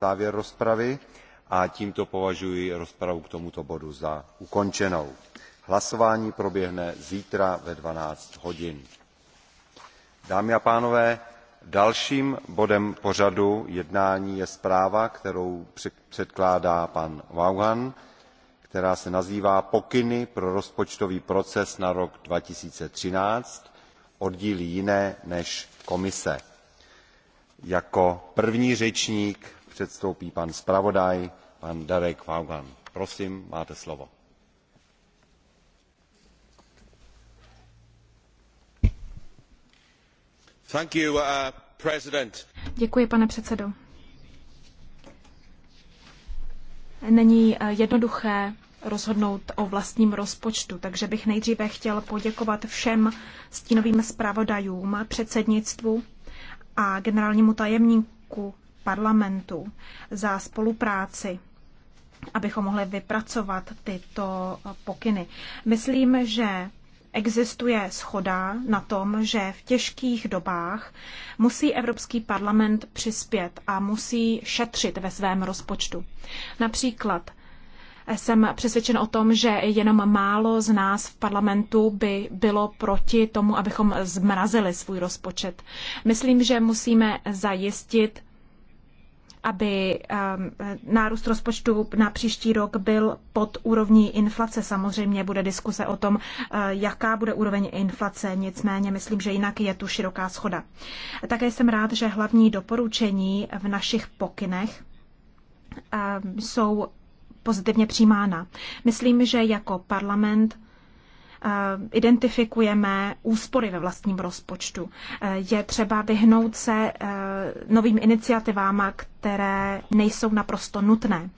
závěr rozpravy a tímto považuji rozpravu k tomuto bodu za ukončenou. hlasování proběhne zítra ve twelve hodin. dámy a pánové dalším bodem pořadu jednání je zpráva kterou předkládá pan vaughan která se nazývá pokyny pro rozpočtový proces na rok two thousand and thirteen oddíly jiné než komise. jako první řečník předstoupí pan zpravodaj pan Darek Vaughan. Prosím, máte slovo. You, uh, Děkuji, pane předsedo. Není eh, jednoduché rozhodnout o vlastním rozpočtu, takže bych nejdříve chtěl poděkovat všem stínovým zpravodajům, předsednictvu a generálnímu tajemníku parlamentu za spolupráci abychom mohli vypracovat tyto pokyny. Myslím, že existuje schoda na tom, že v těžkých dobách musí Evropský parlament přispět a musí šetřit ve svém rozpočtu. Například jsem přesvědčen o tom, že jenom málo z nás v parlamentu by bylo proti tomu, abychom zmrazili svůj rozpočet. Myslím, že musíme zajistit aby ehm, nárůst rozpočtu na příští rok byl pod úrovní inflace. Samozřejmě bude diskuse o tom, eh, jaká bude úroveň inflace, nicméně myslím, že jinak je tu široká schoda. Také jsem rád, že hlavní doporučení v našich pokynech ehm, jsou pozitivně přijímána. Myslím, že jako parlament identifikujeme úspory ve vlastním rozpočtu. Eh, je třeba vyhnout se eh, novým iniciativám, které nejsou naprosto nutné.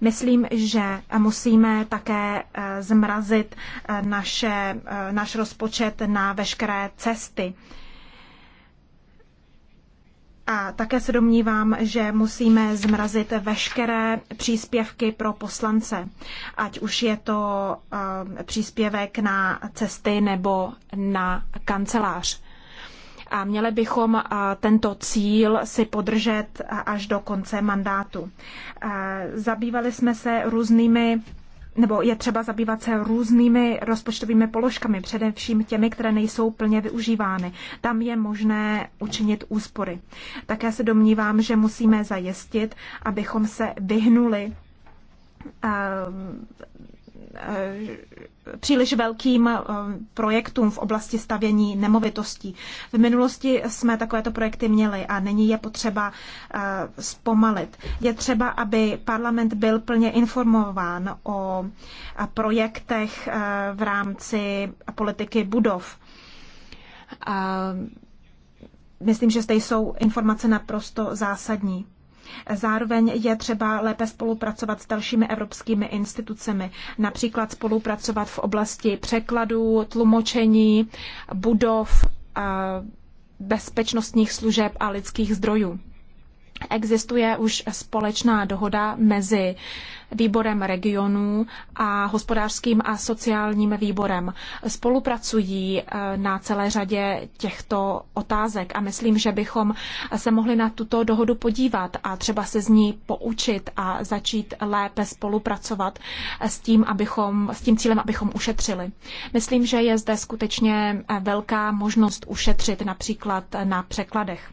Myslím, že musíme také eh, zmrazit naše, náš rozpočet na veškeré cesty a také se domnívám, že musíme zmrazit veškeré příspěvky pro poslance, ať už je to um, příspěvek na cesty nebo na kancelář. A měli bychom uh, tento cíl si podržet až do konce mandátu. Uh, zabývali jsme se různými nebo je třeba zabývat se různými rozpočtovými položkami, především těmi, které nejsou plně využívány. Tam je možné učinit úspory. Také se domnívám, že musíme zajistit, abychom se vyhnuli eh, eh, příliš velkým eh, projektům v oblasti stavění nemovitostí. V minulosti jsme takovéto projekty měli a není je potřeba eh, zpomalit. Je třeba, aby parlament byl plně informován o eh, projektech v rámci politiky budov. Myslím, že zde jsou informace naprosto zásadní. Zároveň je třeba lépe spolupracovat s dalšími evropskými institucemi, například spolupracovat v oblasti překladů, tlumočení, budov, eh, bezpečnostních služeb a lidských zdrojů. Existuje už společná dohoda mezi výborem regionů a hospodářským a sociálním výborem. Spolupracují eh, na celé řadě těchto otázek a myslím, že bychom se mohli na tuto dohodu podívat a třeba se z ní poučit a začít lépe spolupracovat s tím, abychom, s tím cílem, abychom ušetřili. Myslím, že je zde skutečně eh, velká možnost ušetřit například na překladech.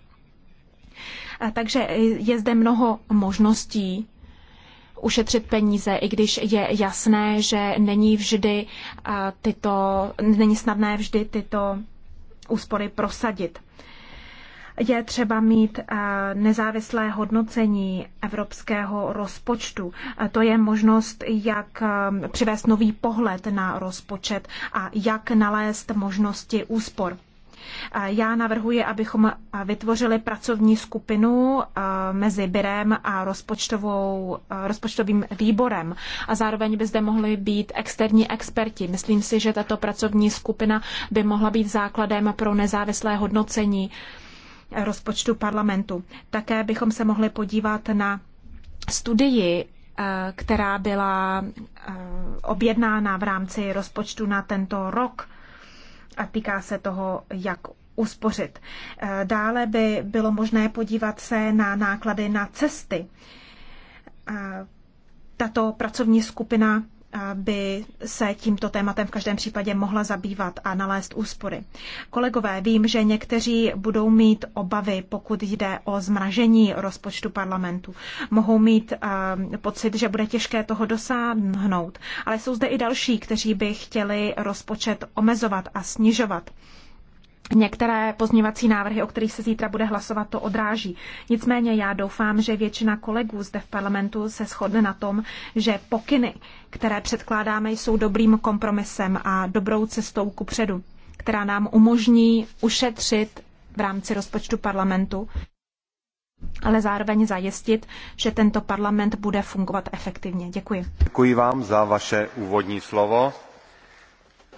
Takže je zde mnoho možností ušetřit peníze, i když je jasné, že není vždy tyto, není snadné vždy tyto úspory prosadit. Je třeba mít nezávislé hodnocení evropského rozpočtu. To je možnost, jak přivést nový pohled na rozpočet a jak nalézt možnosti úspor. Já navrhuji, abychom vytvořili pracovní skupinu eh, mezi Birem a rozpočtovou, eh, rozpočtovým výborem a zároveň by zde mohli být externí experti. Myslím si, že tato pracovní skupina by mohla být základem pro nezávislé hodnocení eh, rozpočtu parlamentu. Také bychom se mohli podívat na studii která byla objednána v rámci rozpočtu na tento rok a týká se toho, jak uspořit. Eh, dále by bylo možné podívat se na náklady na cesty. Eh, tato pracovní skupina by se tímto tématem v každém případě mohla zabývat a nalézt úspory. Kolegové, vím, že někteří budou mít obavy, pokud jde o zmražení rozpočtu parlamentu. Mohou mít eh, pocit, že bude těžké toho dosáhnout, ale jsou zde i další, kteří by chtěli rozpočet omezovat a snižovat. Některé pozměvací návrhy, o kterých se zítra bude hlasovat, to odráží. Nicméně já doufám, že většina kolegů zde v parlamentu se shodne na tom, že pokyny, které předkládáme, jsou dobrým kompromisem a dobrou cestou ku předu, která nám umožní ušetřit v rámci rozpočtu parlamentu, ale zároveň zajistit, že tento parlament bude fungovat efektivně. Děkuji. Děkuji vám za vaše úvodní slovo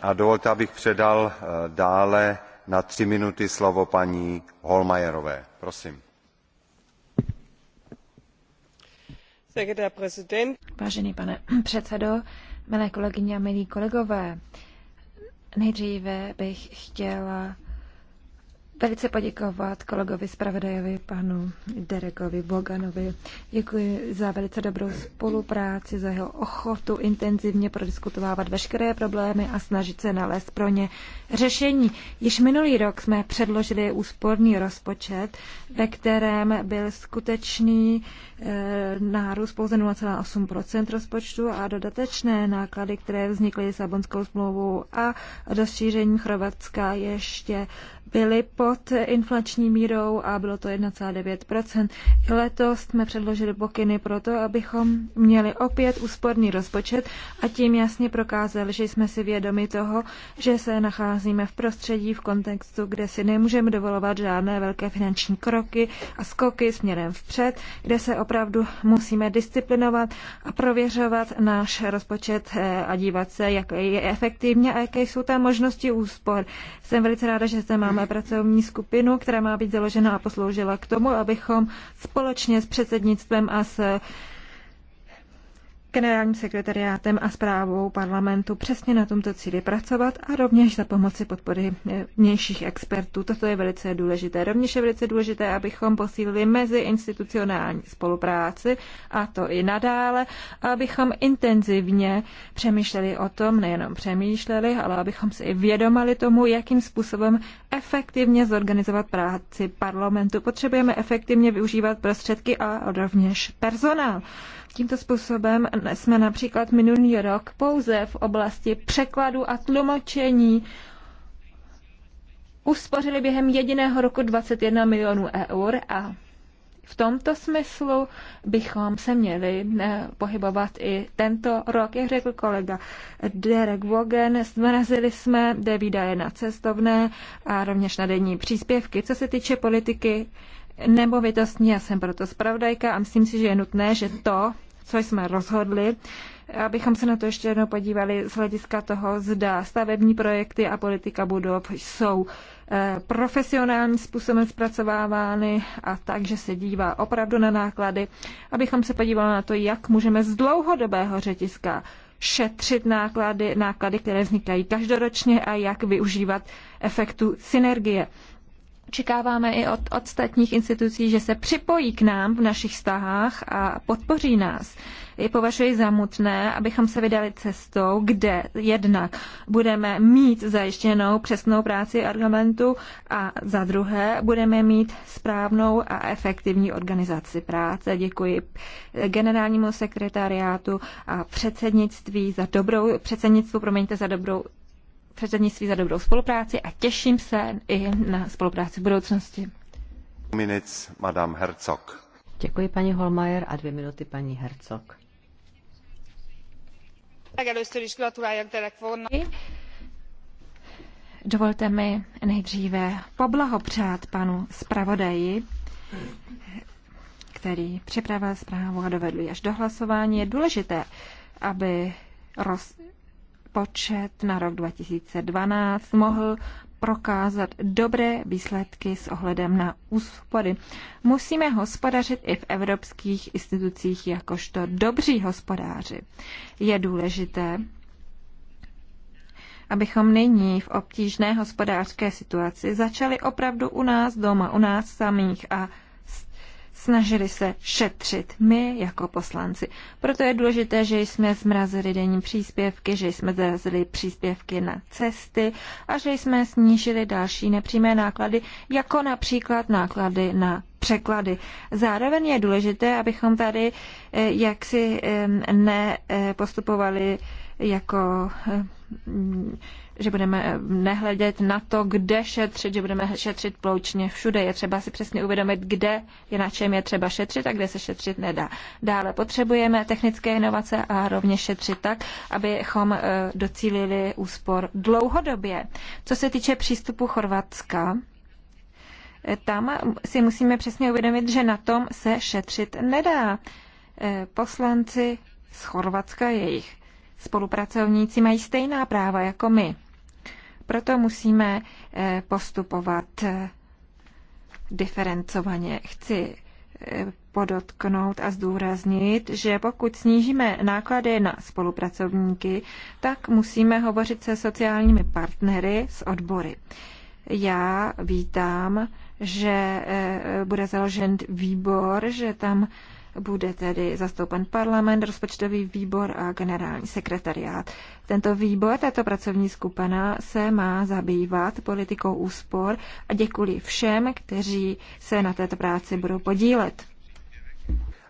a dovolte, abych předal eh, dále na tři minuty slovo paní hohlmeierové. Vážený pane předsedo, milé kolegyně a milí kolegové, nejdříve bych chtěla velice poděkovat kolegovi zpravodajovi, panu Derekovi Boganovi. Děkuji za velice dobrou spolupráci, za jeho ochotu intenzivně prodiskutovávat veškeré problémy a snažit se nalézt pro ně řešení. Již minulý rok jsme předložili úsporný rozpočet, ve kterém byl skutečný e, nárůst pouze 0,8 rozpočtu a dodatečné náklady, které vznikly Abonskou smlouvou a rozšířením Chorvatska ještě byly pod inflační mírou a bylo to 1,9 Letos jsme předložili pokyny pro to, abychom měli opět úsporný rozpočet a tím jasně prokázali, že jsme si vědomi toho, že se nacházíme v prostředí, v kontextu, kde si nemůžeme dovolovat žádné velké finanční kroky a skoky směrem vpřed, kde se opravdu musíme disciplinovat a prověřovat náš rozpočet eh, a dívat se, jak je efektivně a jaké jsou tam možnosti úspor. Jsem velice ráda, že zde mám máme pracovní skupinu, která má být založena a posloužila k tomu, abychom společně s předsednictvem a s generálním sekretariátem a zprávou parlamentu přesně na tomto cíli pracovat a rovněž za pomoci podpory vnějších expertů. Toto je velice důležité. Rovněž je velice důležité, abychom posílili meziinstitucionální spolupráci a to i nadále, abychom intenzivně přemýšleli o tom, nejenom přemýšleli, ale abychom si i vědomali tomu, jakým způsobem efektivně zorganizovat práci parlamentu. Potřebujeme efektivně využívat prostředky a rovněž personál. Tímto způsobem jsme například minulý rok pouze v oblasti překladu a tlumočení uspořili během jediného roku 21 milionů eur a v tomto smyslu bychom se měli eh, pohybovat i tento rok. Jak řekl kolega Derek Wogen, zmrazili jsme jde výdaje na cestovné a rovněž na denní příspěvky. Co se týče politiky nemovitostní, já jsem proto zpravodajka a myslím si, že je nutné, že to co jsme rozhodli, abychom se na to ještě jednou podívali z hlediska toho, zda stavební projekty a politika budov jsou eh, profesionálním způsobem zpracovávány a takže se dívá opravdu na náklady, abychom se podívali na to, jak můžeme z dlouhodobého řetiska šetřit náklady, náklady, které vznikají každoročně a jak využívat efektu synergie. Očekáváme i od ostatních institucí, že se připojí k nám v našich vztahách a podpoří nás. Je považuji za mutné, abychom se vydali cestou, kde jednak budeme mít zajištěnou přesnou práci argumentu a za druhé budeme mít správnou a efektivní organizaci práce. Děkuji generálnímu sekretariátu a předsednictví za dobrou, předsednictvu, promiňte, za dobrou předsednictví za dobrou spolupráci a těším se i na spolupráci v budoucnosti. Minutes, Madame Herzog. Děkuji paní Holmajer a dvě minuty paní Herzog. Legelőször is gratuláljak Derek Vonna. Dovolte mi nejdříve poblahopřát panu zpravodaji, který připravil zprávu a dovedl až do hlasování. Je důležité, aby roz, rozpočet na rok 2012 mohl prokázat dobré výsledky s ohledem na úspory. Musíme hospodařit i v evropských institucích jakožto dobří hospodáři. Je důležité, abychom nyní v obtížné hospodářské situaci začali opravdu u nás doma, u nás samých a snažili se šetřit my jako poslanci. Proto je důležité, že jsme zmrazili denní příspěvky, že jsme zmrazili příspěvky na cesty a že jsme snížili další nepřímé náklady, jako například náklady na překlady. Zároveň je důležité, abychom tady eh, jaksi eh, nepostupovali jako eh, že budeme eh, nehledět na to, kde šetřit, že budeme šetřit ploučně všude. Je třeba si přesně uvědomit, kde je na čem je třeba šetřit a kde se šetřit nedá. Dále potřebujeme technické inovace a rovněž šetřit tak, abychom eh, docílili úspor dlouhodobě. Co se týče přístupu Chorvatska, eh, tam si musíme přesně uvědomit, že na tom se šetřit nedá. Poslanci z Chorvatska, jejich spolupracovníci mají stejná práva jako my. Proto musíme eh, postupovat eh, diferencovaně. Chci eh, podotknout a zdůraznit, že pokud snížíme náklady na spolupracovníky, tak musíme hovořit se sociálními partnery s odbory. Já vítám, že bude založen výbor, že tam bude tedy zastoupen parlament, rozpočtový výbor a generální sekretariát. Tento výbor, tato pracovní skupina se má zabývat politikou úspor a děkuji všem, kteří se na této práci budou podílet.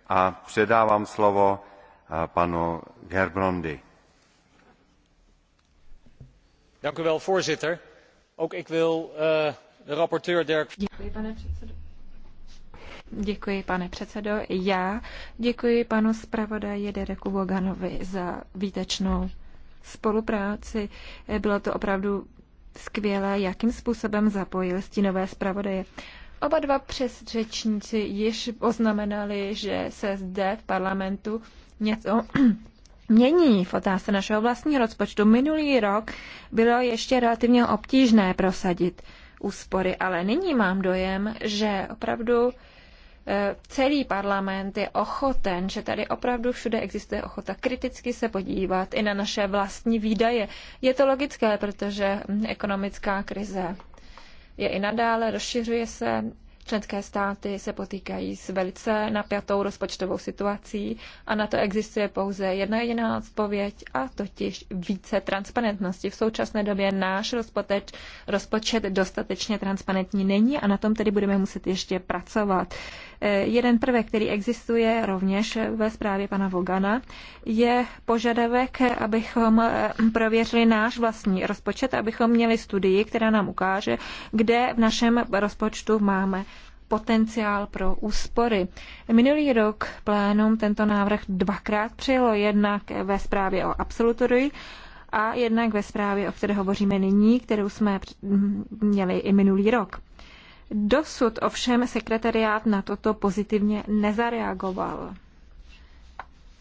A předávám slovo eh, panu Gerbrandy. Eh, děkuji, pane předsedo. Děkuji, pane předsedo. Já děkuji panu zpravodaji Dereku Voganovi za výtečnou spolupráci. Bylo to opravdu skvělé, jakým způsobem zapojil stínové zpravodaje. Oba dva přesřečníci již oznamenali, že se zde v parlamentu něco mění v otázce našeho vlastního rozpočtu. Minulý rok bylo ještě relativně obtížné prosadit úspory, ale nyní mám dojem, že opravdu celý parlament je ochoten, že tady opravdu všude existuje ochota kriticky se podívat i na naše vlastní výdaje. Je to logické, protože ekonomická krize je i nadále, rozšiřuje se, členské státy se potýkají s velice napjatou rozpočtovou situací a na to existuje pouze jedna jediná odpověď a totiž více transparentnosti. V současné době náš rozpočet, rozpočet dostatečně transparentní není a na tom tedy budeme muset ještě pracovat. Jeden prvek, který existuje rovněž ve zprávě pana Vogana, je požadavek, abychom eh, prověřili náš vlastní rozpočet, abychom měli studii, která nám ukáže, kde v našem rozpočtu máme potenciál pro úspory. Minulý rok plénum tento návrh dvakrát přijelo, jednak ve zprávě o absolutory a jednak ve zprávě, o které hovoříme nyní, kterou jsme měli i minulý rok. Dosud ovšem sekretariát na toto pozitivně nezareagoval.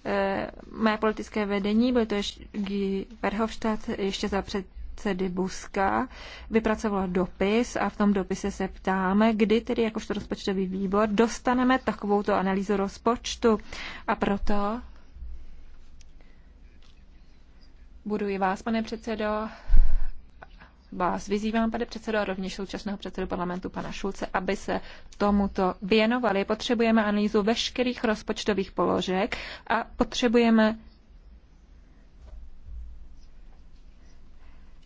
E, Mé politické vedení, byl to ještě Guy Verhofstadt, ještě za předsedy Buska vypracovala dopis a v tom dopise se ptáme, kdy tedy jakožto rozpočtový výbor dostaneme takovouto analýzu rozpočtu. A proto budu i vás, pane předsedo, vás vyzývám, pane předsedo, a rovněž současného předsedu parlamentu, pana Šulce, aby se tomuto věnovali. Potřebujeme analýzu veškerých rozpočtových položek a potřebujeme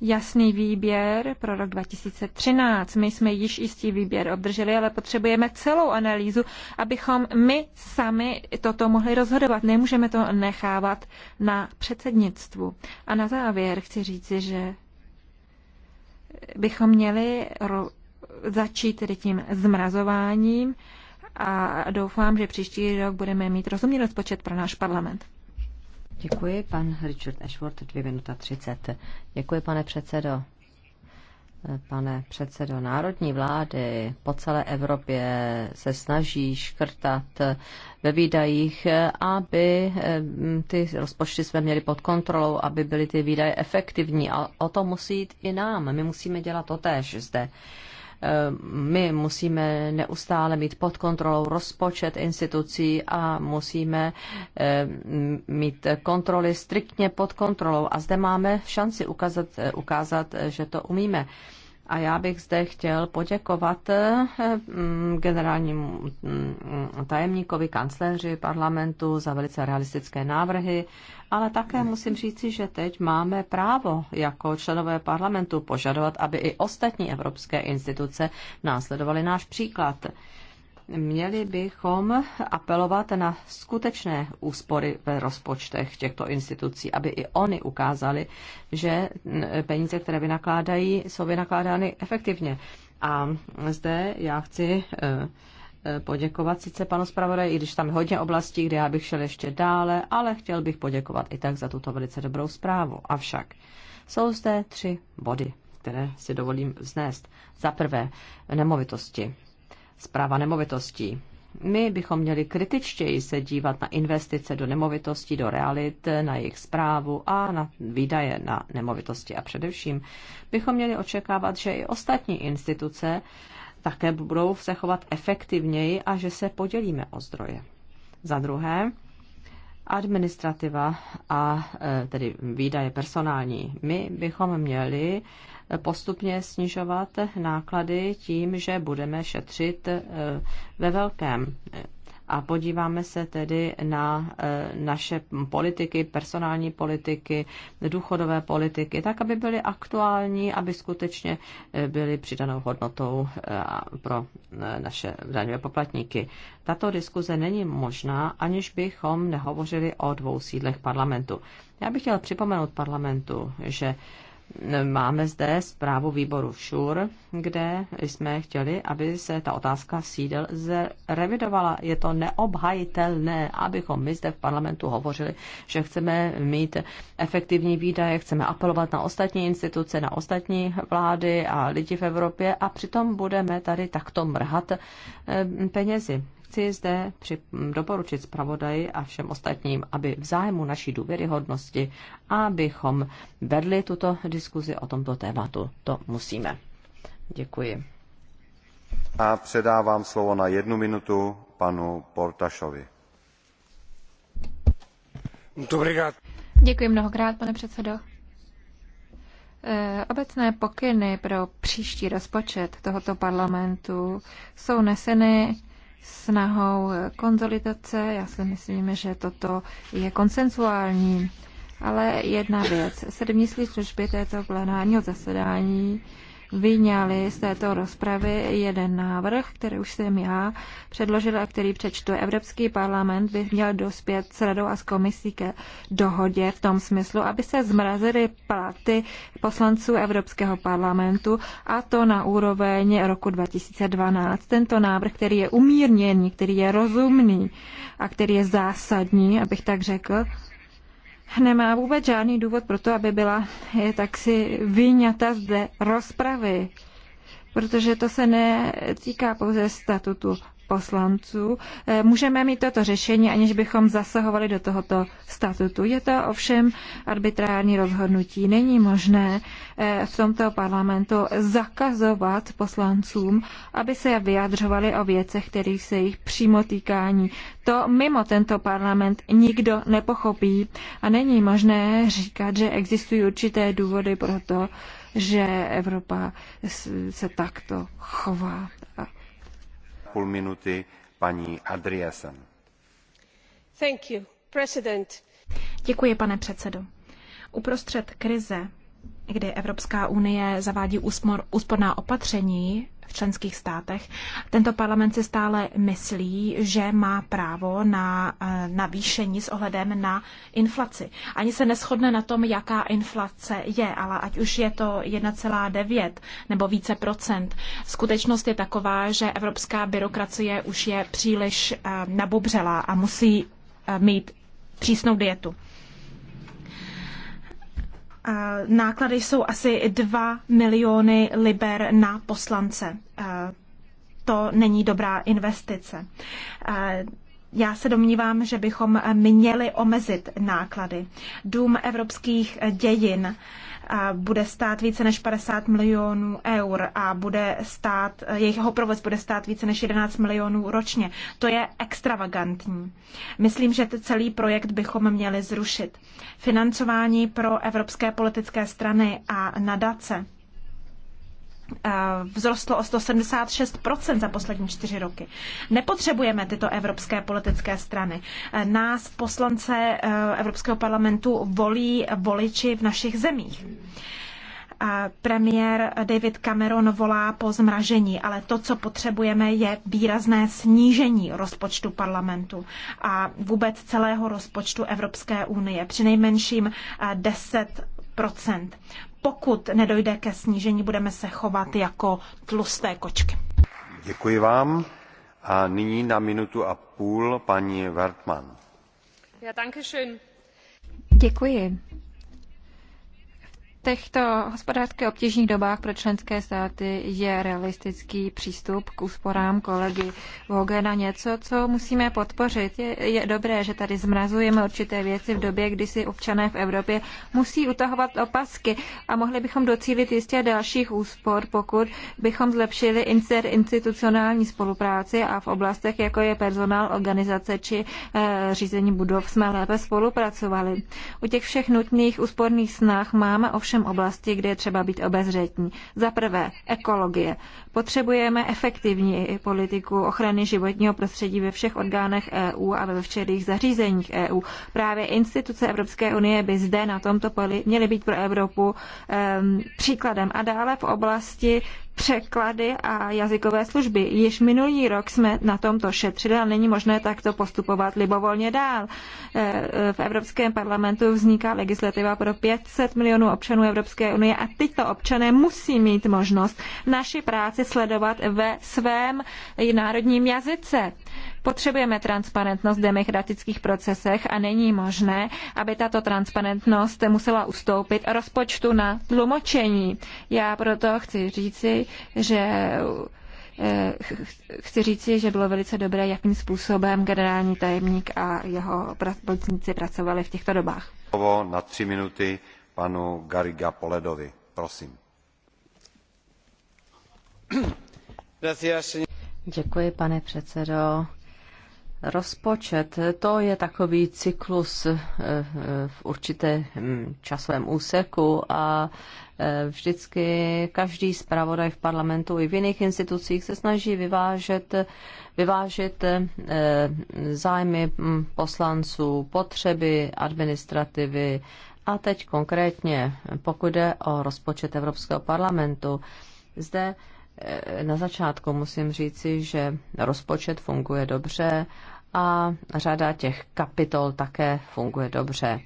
jasný výběr pro rok 2013. My jsme již jistý výběr obdrželi, ale potřebujeme celou analýzu, abychom my sami toto mohli rozhodovat. Nemůžeme to nechávat na předsednictvu. A na závěr chci říci, že bychom měli začít tedy tím zmrazováním a doufám, že příští rok budeme mít rozumný rozpočet pro náš parlament. Děkuji, pan Richard Ashworth, 2 minuta 30. Děkuji, pane předsedo. Pane předsedo, národní vlády po celé Evropě se snaží škrtat ve výdajích, aby mm, ty rozpočty jsme měli pod kontrolou, aby byly ty výdaje efektivní. A o to musí jít i nám. My musíme dělat to též zde. Eh, my musíme neustále mít pod kontrolou rozpočet institucí a musíme eh, mít kontroly striktně pod kontrolou. A zde máme šanci eh, ukázat, ukázat že to umíme. A já bych zde chtěl poděkovat eh, mm, generálnímu mm, tajemníkovi, kancléři parlamentu za velice realistické návrhy, ale také musím říci, že teď máme právo jako členové parlamentu požadovat, aby i ostatní evropské instituce následovaly náš příklad měli bychom apelovat na skutečné úspory ve rozpočtech těchto institucí, aby i oni ukázali, že peníze, které vynakládají, jsou vynakládány efektivně. A zde já chci eh, eh, poděkovat sice panu zpravodaji, i když tam je hodně oblastí, kde já bych šel ještě dále, ale chtěl bych poděkovat i tak za tuto velice dobrou zprávu. Avšak jsou zde tři body, které si dovolím vznést. Za prvé, nemovitosti zpráva nemovitostí. My bychom měli kritičtěji se dívat na investice do nemovitostí, do realit, na jejich zprávu a na výdaje na nemovitosti. A především bychom měli očekávat, že i ostatní instituce také budou se chovat efektivněji a že se podělíme o zdroje. Za druhé, administrativa a e, tedy výdaje personální. My bychom měli postupně snižovat náklady tím, že budeme šetřit eh, ve velkém. A podíváme se tedy na eh, naše politiky, personální politiky, důchodové politiky, tak, aby byly aktuální, aby skutečně eh, byly přidanou hodnotou pro naše daňové poplatníky. Tato diskuze není možná, aniž bychom nehovořili o dvou sídlech parlamentu. Já bych chtěl připomenout parlamentu, že Máme zde zprávu výboru ŠUR, kde jsme chtěli, aby se ta otázka sídel zrevidovala. Je to neobhajitelné, abychom my zde v parlamentu hovořili, že chceme mít efektivní výdaje, chceme apelovat na ostatní instituce, na ostatní vlády a lidi v Evropě a přitom budeme tady takto mrhat eh, penězi. Chci zde při, doporučit zpravodaji a všem ostatním, aby v zájmu naší důvěryhodnosti, abychom vedli tuto diskuzi o tomto tématu. To musíme. Děkuji. A předávám slovo na jednu minutu panu Portašovi. Děkuji mnohokrát, pane předsedo. Eh, obecné pokyny pro příští rozpočet tohoto parlamentu jsou neseny snahou konzolidace. Já si myslím, že toto je konsensuální. Ale jedna věc. Sedmní služby této plenárního zasedání vyňali z této rozpravy jeden návrh, který už jsem já předložila a který přečtu. Evropský parlament by měl dospět s radou a s komisí ke dohodě v tom smyslu, aby se zmrazily platy poslanců Evropského parlamentu a to na úroveň roku 2012. Tento návrh, který je umírněný, který je rozumný a který je zásadní, abych tak řekl, nemá vůbec žádný důvod pro to, aby byla eh, taksi vyňata zde rozpravy, protože to se netýká pouze statutu poslanců, eh, můžeme mít toto řešení, aniž bychom zasahovali do tohoto statutu. Je to ovšem arbitrární rozhodnutí. Není možné eh, v tomto parlamentu zakazovat poslancům, aby se vyjadřovali o věcech, kterých se jich přímo týkání. To mimo tento parlament nikdo nepochopí a není možné říkat, že existují určité důvody pro to, že Evropa se takto chová půl pane předsedo. Uprostřed krize kdy Evropská unie zavádí úspor, úsporná opatření v členských státech, tento parlament si stále myslí, že má právo na eh, navýšení s ohledem na inflaci. Ani se neschodne na tom, jaká inflace je, ale ať už je to 1,9 nebo více procent, skutečnost je taková, že evropská byrokracie už je příliš eh, nabobřelá a musí eh, mít přísnou dietu náklady jsou asi 2 miliony liber na poslance. To není dobrá investice. Já se domnívám, že bychom měli omezit náklady. Dům evropských dějin bude stát více než 50 milionů eur a bude stát, jejich provoz bude stát více než 11 milionů ročně. To je extravagantní. Myslím, že celý projekt bychom měli zrušit. Financování pro evropské politické strany a nadace vzrostlo o 176% za poslední čtyři roky. Nepotřebujeme tyto evropské politické strany. E, nás, poslance e, Evropského parlamentu, volí voliči v našich zemích. Premiér David Cameron volá po zmražení, ale to, co potřebujeme, je výrazné snížení rozpočtu parlamentu a vůbec celého rozpočtu Evropské unie, přinejmenším 10 e, procent pokud nedojde ke snížení, budeme se chovat jako tlusté kočky. Děkuji vám. A nyní na minutu a půl paní Wertmann. Ja, danke schön. Děkuji těchto hospodářské obtížných dobách pro členské státy je realistický přístup k úsporám kolegy Vogena něco, co musíme podpořit. Je, je dobré, že tady zmrazujeme určité věci v době, kdy si občané v Evropě musí utahovat opasky a mohli bychom docílit jistě dalších úspor, pokud bychom zlepšili interinstitucionální spolupráci a v oblastech, jako je personál, organizace či e, řízení budov, jsme lépe spolupracovali. U těch všech nutných úsporných snah máme ovšem ovšem oblasti, kde je třeba být obezřetní. Za prvé, ekologie. Potřebujeme efektivní politiku ochrany životního prostředí ve všech orgánech EU a ve včerých zařízeních EU. Právě instituce Evropské unie by zde na tomto poli měly být pro Evropu um, příkladem. A dále v oblasti překlady a jazykové služby. Již minulý rok jsme na tomto šetřili a není možné takto postupovat libovolně dál. E, e, v Evropském parlamentu vzniká legislativa pro 500 milionů občanů Evropské unie a tyto občané musí mít možnost naši práci sledovat ve svém národním jazyce. Potřebujeme transparentnost v demokratických procesech a není možné, aby tato transparentnost musela ustoupit rozpočtu na tlumočení. Já proto chci říci, že eh, chci říci, že bylo velice dobré, jakým způsobem generální tajemník a jeho pracovníci pracovali v těchto dobách. Na tři minuty panu Gariga Poledovi. Prosím. Děkuji, pane předsedo. Rozpočet, to je takový cyklus eh, eh, v určitém hm, časovém úseku a eh, vždycky každý zpravodaj v parlamentu i v jiných institucích se snaží vyvážet, vyvážet zájmy hm, poslanců, potřeby administrativy a teď konkrétně, pokud jde o rozpočet Evropského parlamentu, zde Eh, na začátku musím říci, že rozpočet funguje dobře a řada těch kapitol také funguje dobře.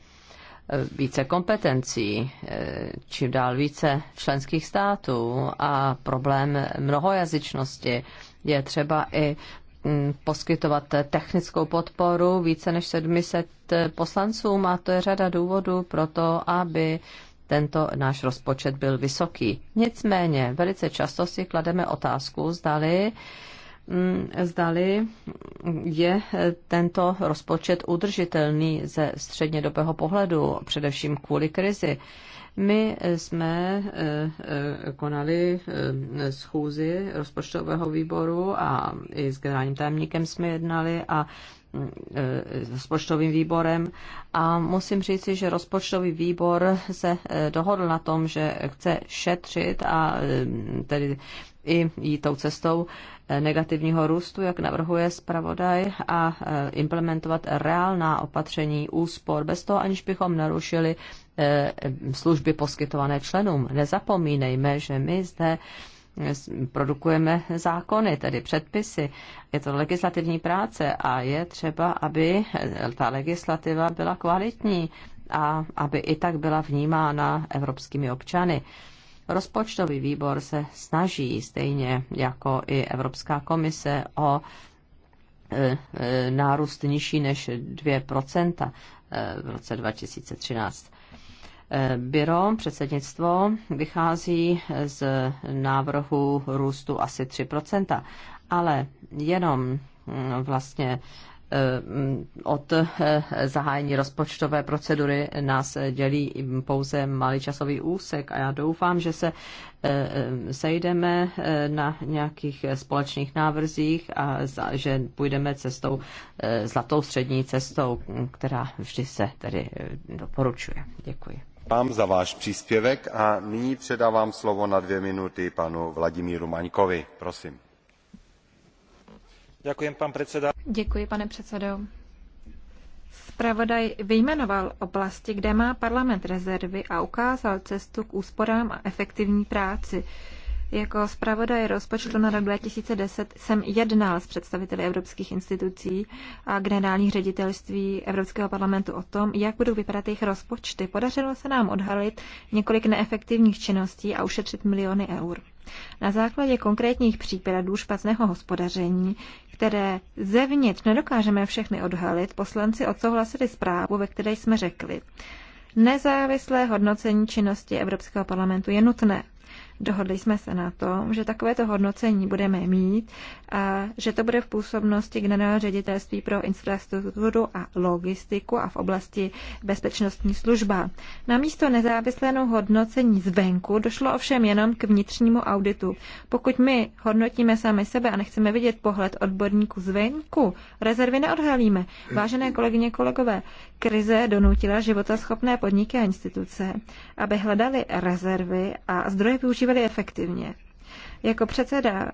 Eh, více kompetencí, eh, čím dál více členských států a problém mnohojazyčnosti je třeba i mm, poskytovat technickou podporu více než 700 poslancům a to je řada důvodů pro to, aby tento náš rozpočet byl vysoký. Nicméně velice často si klademe otázku, zdali mm, zdali je tento rozpočet udržitelný ze střednědobého pohledu, především kvůli krizi. My jsme eh, eh, konali eh, schůzi rozpočtového výboru a i s generálním tajemníkem jsme jednali a rozpočtovým výborem a musím říci, že rozpočtový výbor se eh, dohodl na tom, že chce šetřit a eh, tedy i jít tou cestou eh, negativního růstu, jak navrhuje zpravodaj, a implementovat reálná opatření úspor bez toho, aniž bychom narušili služby poskytované členům. Nezapomínejme, že my zde produkujeme zákony, tedy předpisy. Je to legislativní práce a je třeba, aby ta legislativa byla kvalitní a aby i tak byla vnímána evropskými občany. Rozpočtový výbor se snaží, stejně jako i Evropská komise, o e, e, nárůst nižší než 2% e, v roce 2013. Byro, předsednictvo, vychází z návrhu růstu asi 3%, ale jenom mm, vlastně mm, od eh, zahájení rozpočtové procedury nás dělí pouze malý časový úsek a já doufám, že se eh, eh, sejdeme na nějakých společných návrzích a že půjdeme cestou, zlatou střední cestou, která vždy se tedy doporučuje. Děkuji vám za váš příspěvek a nyní předávám slovo na dvě minuty panu Vladimíru Maňkovi. Prosím. Děkuji, pane předsedo. Spravodaj vyjmenoval oblasti, kde má parlament rezervy a ukázal cestu k úsporám a efektivní práci. Jako zpravodaj rozpočtu na rok 2010 jsem jednal s představiteli evropských institucí a generálních ředitelství Evropského parlamentu o tom, jak budou vypadat jejich rozpočty. Podařilo se nám odhalit několik neefektivních činností a ušetřit miliony eur. Na základě konkrétních případů špatného hospodaření, které zevnitř nedokážeme všechny odhalit, poslanci odsouhlasili zprávu, ve které jsme řekli, Nezávislé hodnocení činnosti Evropského parlamentu je nutné. Dohodli jsme se na tom, že takovéto hodnocení budeme mít a že to bude v působnosti generálního ředitelství pro infrastrukturu a logistiku a v oblasti bezpečnostní služba. Namísto nezávislého hodnocení zvenku došlo ovšem jenom k vnitřnímu auditu. Pokud my hodnotíme sami sebe a nechceme vidět pohled odborníků zvenku, rezervy neodhalíme. Vážené kolegyně, kolegové, krize donutila životaschopné podniky a instituce, aby hledali rezervy a zdroje využívali působili efektivně. Jako předseda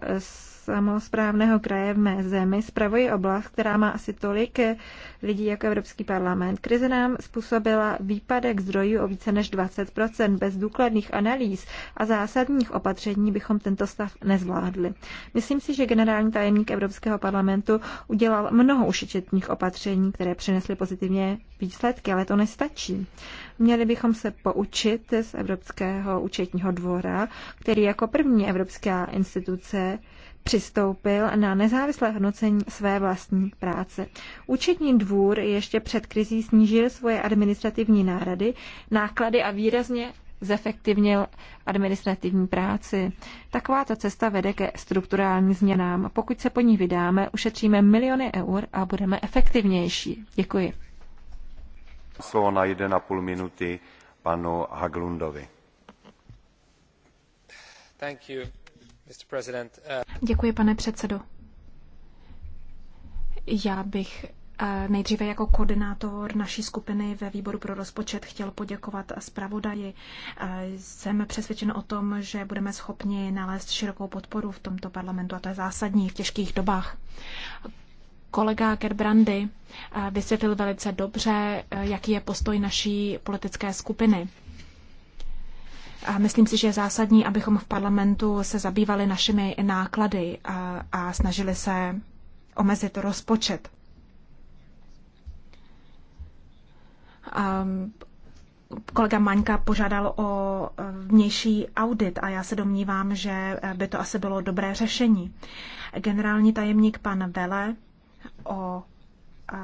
samozprávného kraje v mé zemi spravuji oblast, která má asi tolik eh, lidí jako Evropský parlament. Krize nám způsobila výpadek zdrojů o více než 20%. Bez důkladných analýz a zásadních opatření bychom tento stav nezvládli. Myslím si, že generální tajemník Evropského parlamentu udělal mnoho ušičetních opatření, které přinesly pozitivně výsledky, ale to nestačí. Měli bychom se poučit z Evropského účetního dvora, který jako první evropská instituce přistoupil na nezávislé hodnocení své vlastní práce. Účetní dvůr ještě před krizí snížil svoje administrativní nárady, náklady a výrazně zefektivnil administrativní práci. ta cesta vede ke strukturálním změnám. Pokud se po ní vydáme, ušetříme miliony eur a budeme efektivnější. Děkuji. Slovo na 1,5 minuty panu Haglundovi. Thank you. Uh, Děkuji, pane předsedo. Já bych eh, nejdříve jako koordinátor naší skupiny ve výboru pro rozpočet chtěl poděkovat zpravodaji. Eh, jsem přesvědčen o tom, že budeme schopni nalézt širokou podporu v tomto parlamentu a to je zásadní v těžkých dobách. Kolega Gerbrandy eh, vysvětlil velice dobře, jaký je postoj naší politické skupiny. A myslím si, že je zásadní, abychom v parlamentu se zabývali našimi náklady a, a snažili se omezit rozpočet. A, kolega Maňka požádal o vnější audit a já se domnívám, že by to asi bylo dobré řešení. Generální tajemník pan Vele o Eh,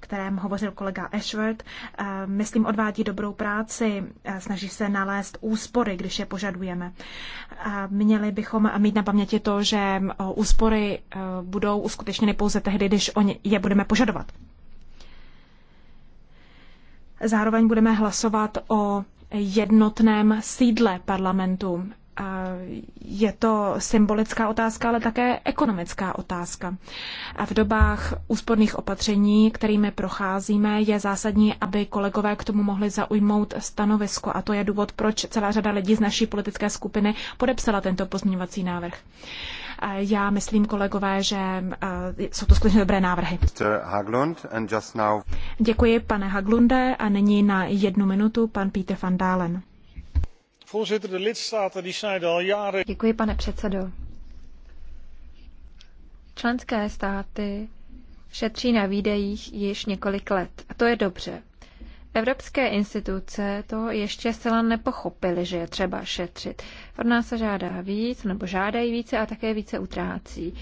kterém hovořil kolega Ashworth, eh, myslím, odvádí dobrou práci, eh, snaží se nalézt úspory, když je požadujeme. Měli bychom mít na paměti to, že úspory budou uskutečněny pouze tehdy, když je budeme požadovat. Zároveň budeme hlasovat o jednotném sídle parlamentu je to symbolická otázka, ale také ekonomická otázka. A v dobách úsporných opatření, kterými procházíme, je zásadní, aby kolegové k tomu mohli zaujmout stanovisko. A to je důvod, proč celá řada lidí z naší politické skupiny podepsala tento pozměňovací návrh. Já myslím, kolegové, že jsou to skutečně dobré návrhy. Děkuji, pane Haglunde, a nyní na jednu minutu pan Peter van Dalen. Voorzitter, de lidstaten snijden al jaren. Děkuji, pane předsedo. Členské státy šetří na výdejích již několik let a to je dobře. Evropské instituce to ještě zcela nepochopily, že je třeba šetřit. Od nás se žádá víc, nebo žádají více a také více utrácí.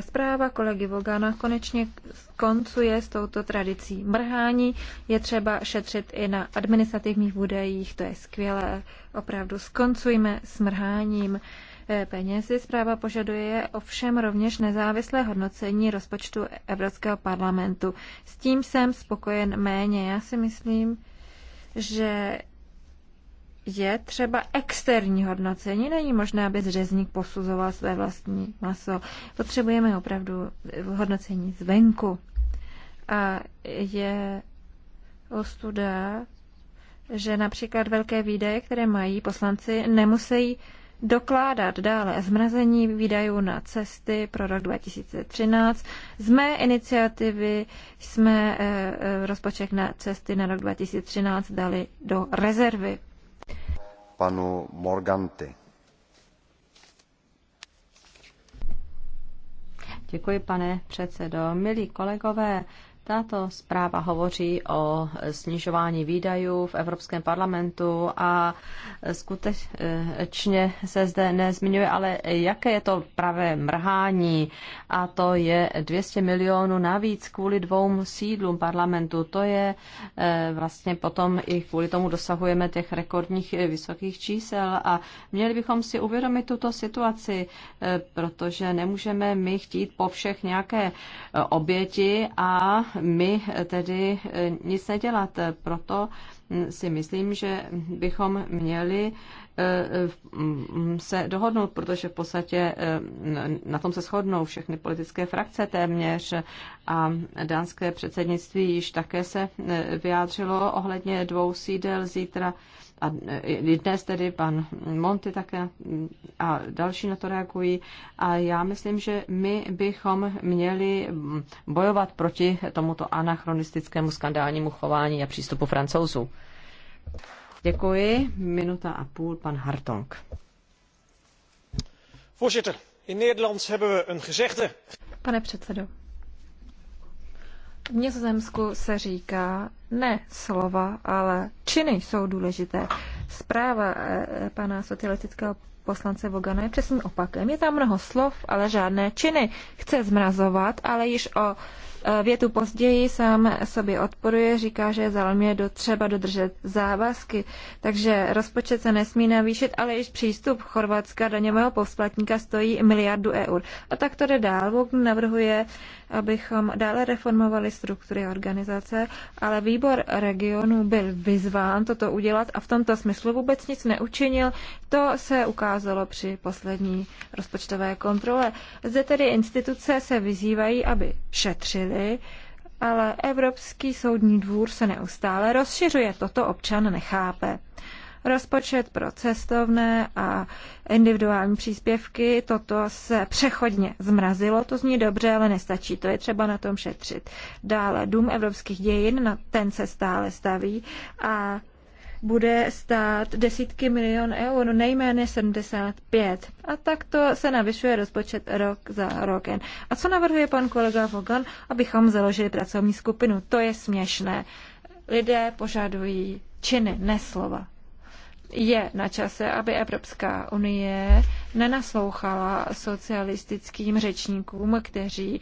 Zpráva kolegy Vogana konečně skoncuje s touto tradicí mrhání. Je třeba šetřit i na administrativních údajích, to je skvělé. Opravdu skoncujme s mrháním penězi. Zpráva požaduje ovšem rovněž nezávislé hodnocení rozpočtu Evropského parlamentu. S tím jsem spokojen méně. Já si myslím, že je třeba externí hodnocení. Není možné, aby řezník posuzoval své vlastní maso. Potřebujeme opravdu hodnocení zvenku. A je ostuda, že například velké výdaje, které mají poslanci, nemusí dokládat dále zmrazení výdajů na cesty pro rok 2013. Z mé iniciativy jsme eh, eh, rozpočet na cesty na rok 2013 dali do rezervy. Panu Morganti. Děkuji, pane předsedo. Milí kolegové, tato zpráva hovoří o snižování výdajů v Evropském parlamentu a skutečně se zde nezmiňuje, ale jaké je to pravé mrhání a to je 200 milionů navíc kvůli dvou sídlům parlamentu. To je eh, vlastně potom i kvůli tomu dosahujeme těch rekordních vysokých čísel a měli bychom si uvědomit tuto situaci, eh, protože nemůžeme my chtít po všech nějaké eh, oběti a my tedy eh, nic nedělat. Proto hm, si myslím, že bychom měli eh, hm, se dohodnout, protože v podstatě eh, na tom se shodnou všechny politické frakce téměř a dánské předsednictví již také se vyjádřilo ohledně dvou sídel zítra a eh, i dnes tedy pan Monty také mm, a další na to reagují. A já myslím, že my bychom měli mm, bojovat proti tomuto anachronistickému skandálnímu chování a přístupu francouzů. Děkuji. Minuta a půl, pan Hartong. Voorzitter, in Nederlands hebben we een gezegde. Pane předsedo, v Nizozemsku se říká, ne slova, ale činy jsou důležité. Zpráva eh, pana socialistického poslance Vogana je přesným opakem. Je tam mnoho slov, ale žádné činy. Chce zmrazovat, ale již o Větu později sám sobě odporuje, říká, že je zeleně do třeba dodržet závazky, takže rozpočet se nesmí navýšit, ale již přístup Chorvatska daňového povzplatníka stojí miliardu eur. A tak to jde dál. Vok navrhuje, abychom dále reformovali struktury organizace, ale výbor regionu byl vyzván toto udělat a v tomto smyslu vůbec nic neučinil. To se ukázalo při poslední rozpočtové kontrole. Zde tedy instituce se vyzývají, aby šetřili byly, ale Evropský soudní dvůr se neustále rozšiřuje. Toto občan nechápe. Rozpočet pro cestovné a individuální příspěvky, toto se přechodně zmrazilo, to zní dobře, ale nestačí, to je třeba na tom šetřit. Dále Dům evropských dějin, na ten se stále staví a bude stát desítky milion eur, nejméně 75. A takto se navyšuje rozpočet rok za rokem. A co navrhuje pan kolega Vogan, abychom založili pracovní skupinu? To je směšné. Lidé požadují činy, ne slova je na čase, aby Evropská unie nenaslouchala socialistickým řečníkům, kteří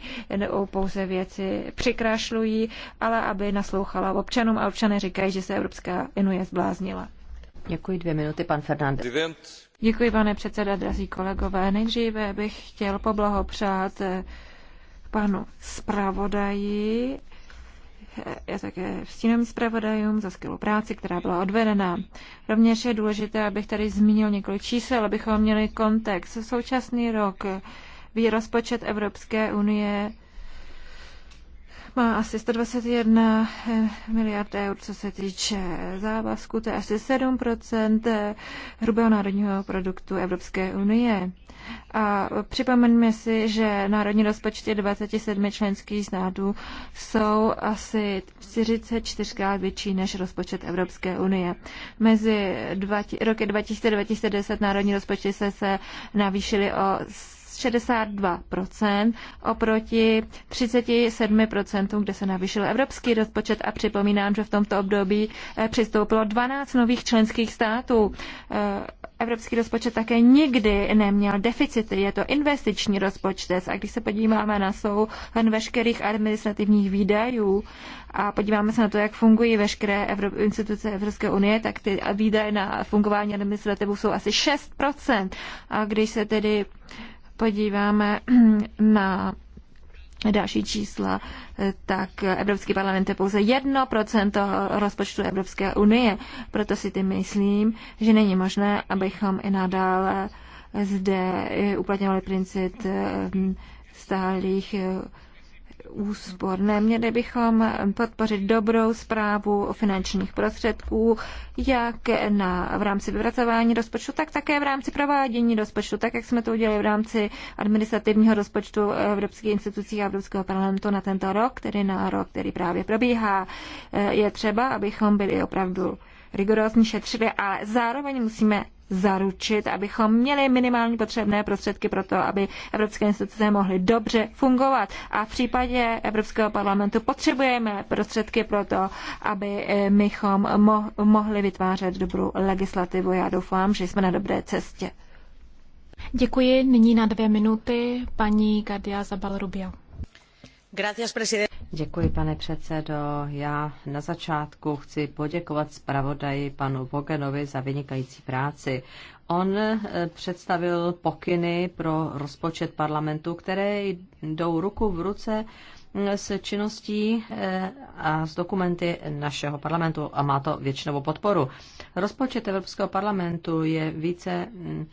pouze věci přikrášlují, ale aby naslouchala občanům a občané říkají, že se Evropská unie zbláznila. Děkuji dvě minuty, pan Fernández. Děkuji, pane předseda, drazí kolegové. Nejdříve bych chtěl poblahopřát eh, panu zpravodaji také, také stínovým zpravodajům za skvělou práci, která byla odvedena. Rovněž je důležité, abych tady zmínil několik čísel, abychom měli kontext. Současný rok rozpočet Evropské unie má asi 121 eh, miliard eur, co se týče závazku, to je asi 7 eh, hrubého národního produktu Evropské unie. A připomeňme si, že národní rozpočty 27 členských států jsou asi 44 krát větší než rozpočet Evropské unie. Mezi dva, roky 2020 a 2010 národní rozpočty se, se navýšily o 62% oproti 37%, kde se navyšil evropský rozpočet a připomínám, že v tomto období eh, přistoupilo 12 nových členských států. Eh, evropský rozpočet také nikdy neměl deficity, je to investiční rozpočet a když se podíváme na souhrn veškerých administrativních výdajů a podíváme se na to, jak fungují veškeré Evro- instituce Evropské unie, tak ty výdaje na fungování administrativu jsou asi 6%. A když se tedy podíváme na další čísla, tak Evropský parlament je pouze 1% rozpočtu Evropské unie. Proto si ty myslím, že není možné, abychom i nadále zde uplatňovali princip eh, stálých eh, úsporné. Měli bychom podpořit dobrou zprávu o finančních prostředků, jak na, v rámci vyvracování rozpočtu, tak také v rámci provádění rozpočtu, tak jak jsme to udělali v rámci administrativního rozpočtu Evropských institucí a Evropského parlamentu na tento rok, tedy na rok, který právě probíhá. Je třeba, abychom byli opravdu rigorózní, šetřili, ale zároveň musíme zaručit, abychom měli minimální potřebné prostředky pro to, aby evropské instituce mohly dobře fungovat. A v případě Evropského parlamentu potřebujeme prostředky pro to, aby eh, mychom mohli vytvářet dobrou legislativu. Já doufám, že jsme na dobré cestě. Děkuji. Nyní na dvě minuty paní Gadia Zabal-Rubio. Děkuji, pane předsedo. Já na začátku chci poděkovat zpravodaji panu Vogenovi za vynikající práci. On eh, představil pokyny pro rozpočet parlamentu, které jdou ruku v ruce eh, s činností eh, a s dokumenty našeho parlamentu a má to většinovou podporu. Rozpočet Evropského parlamentu je více mm,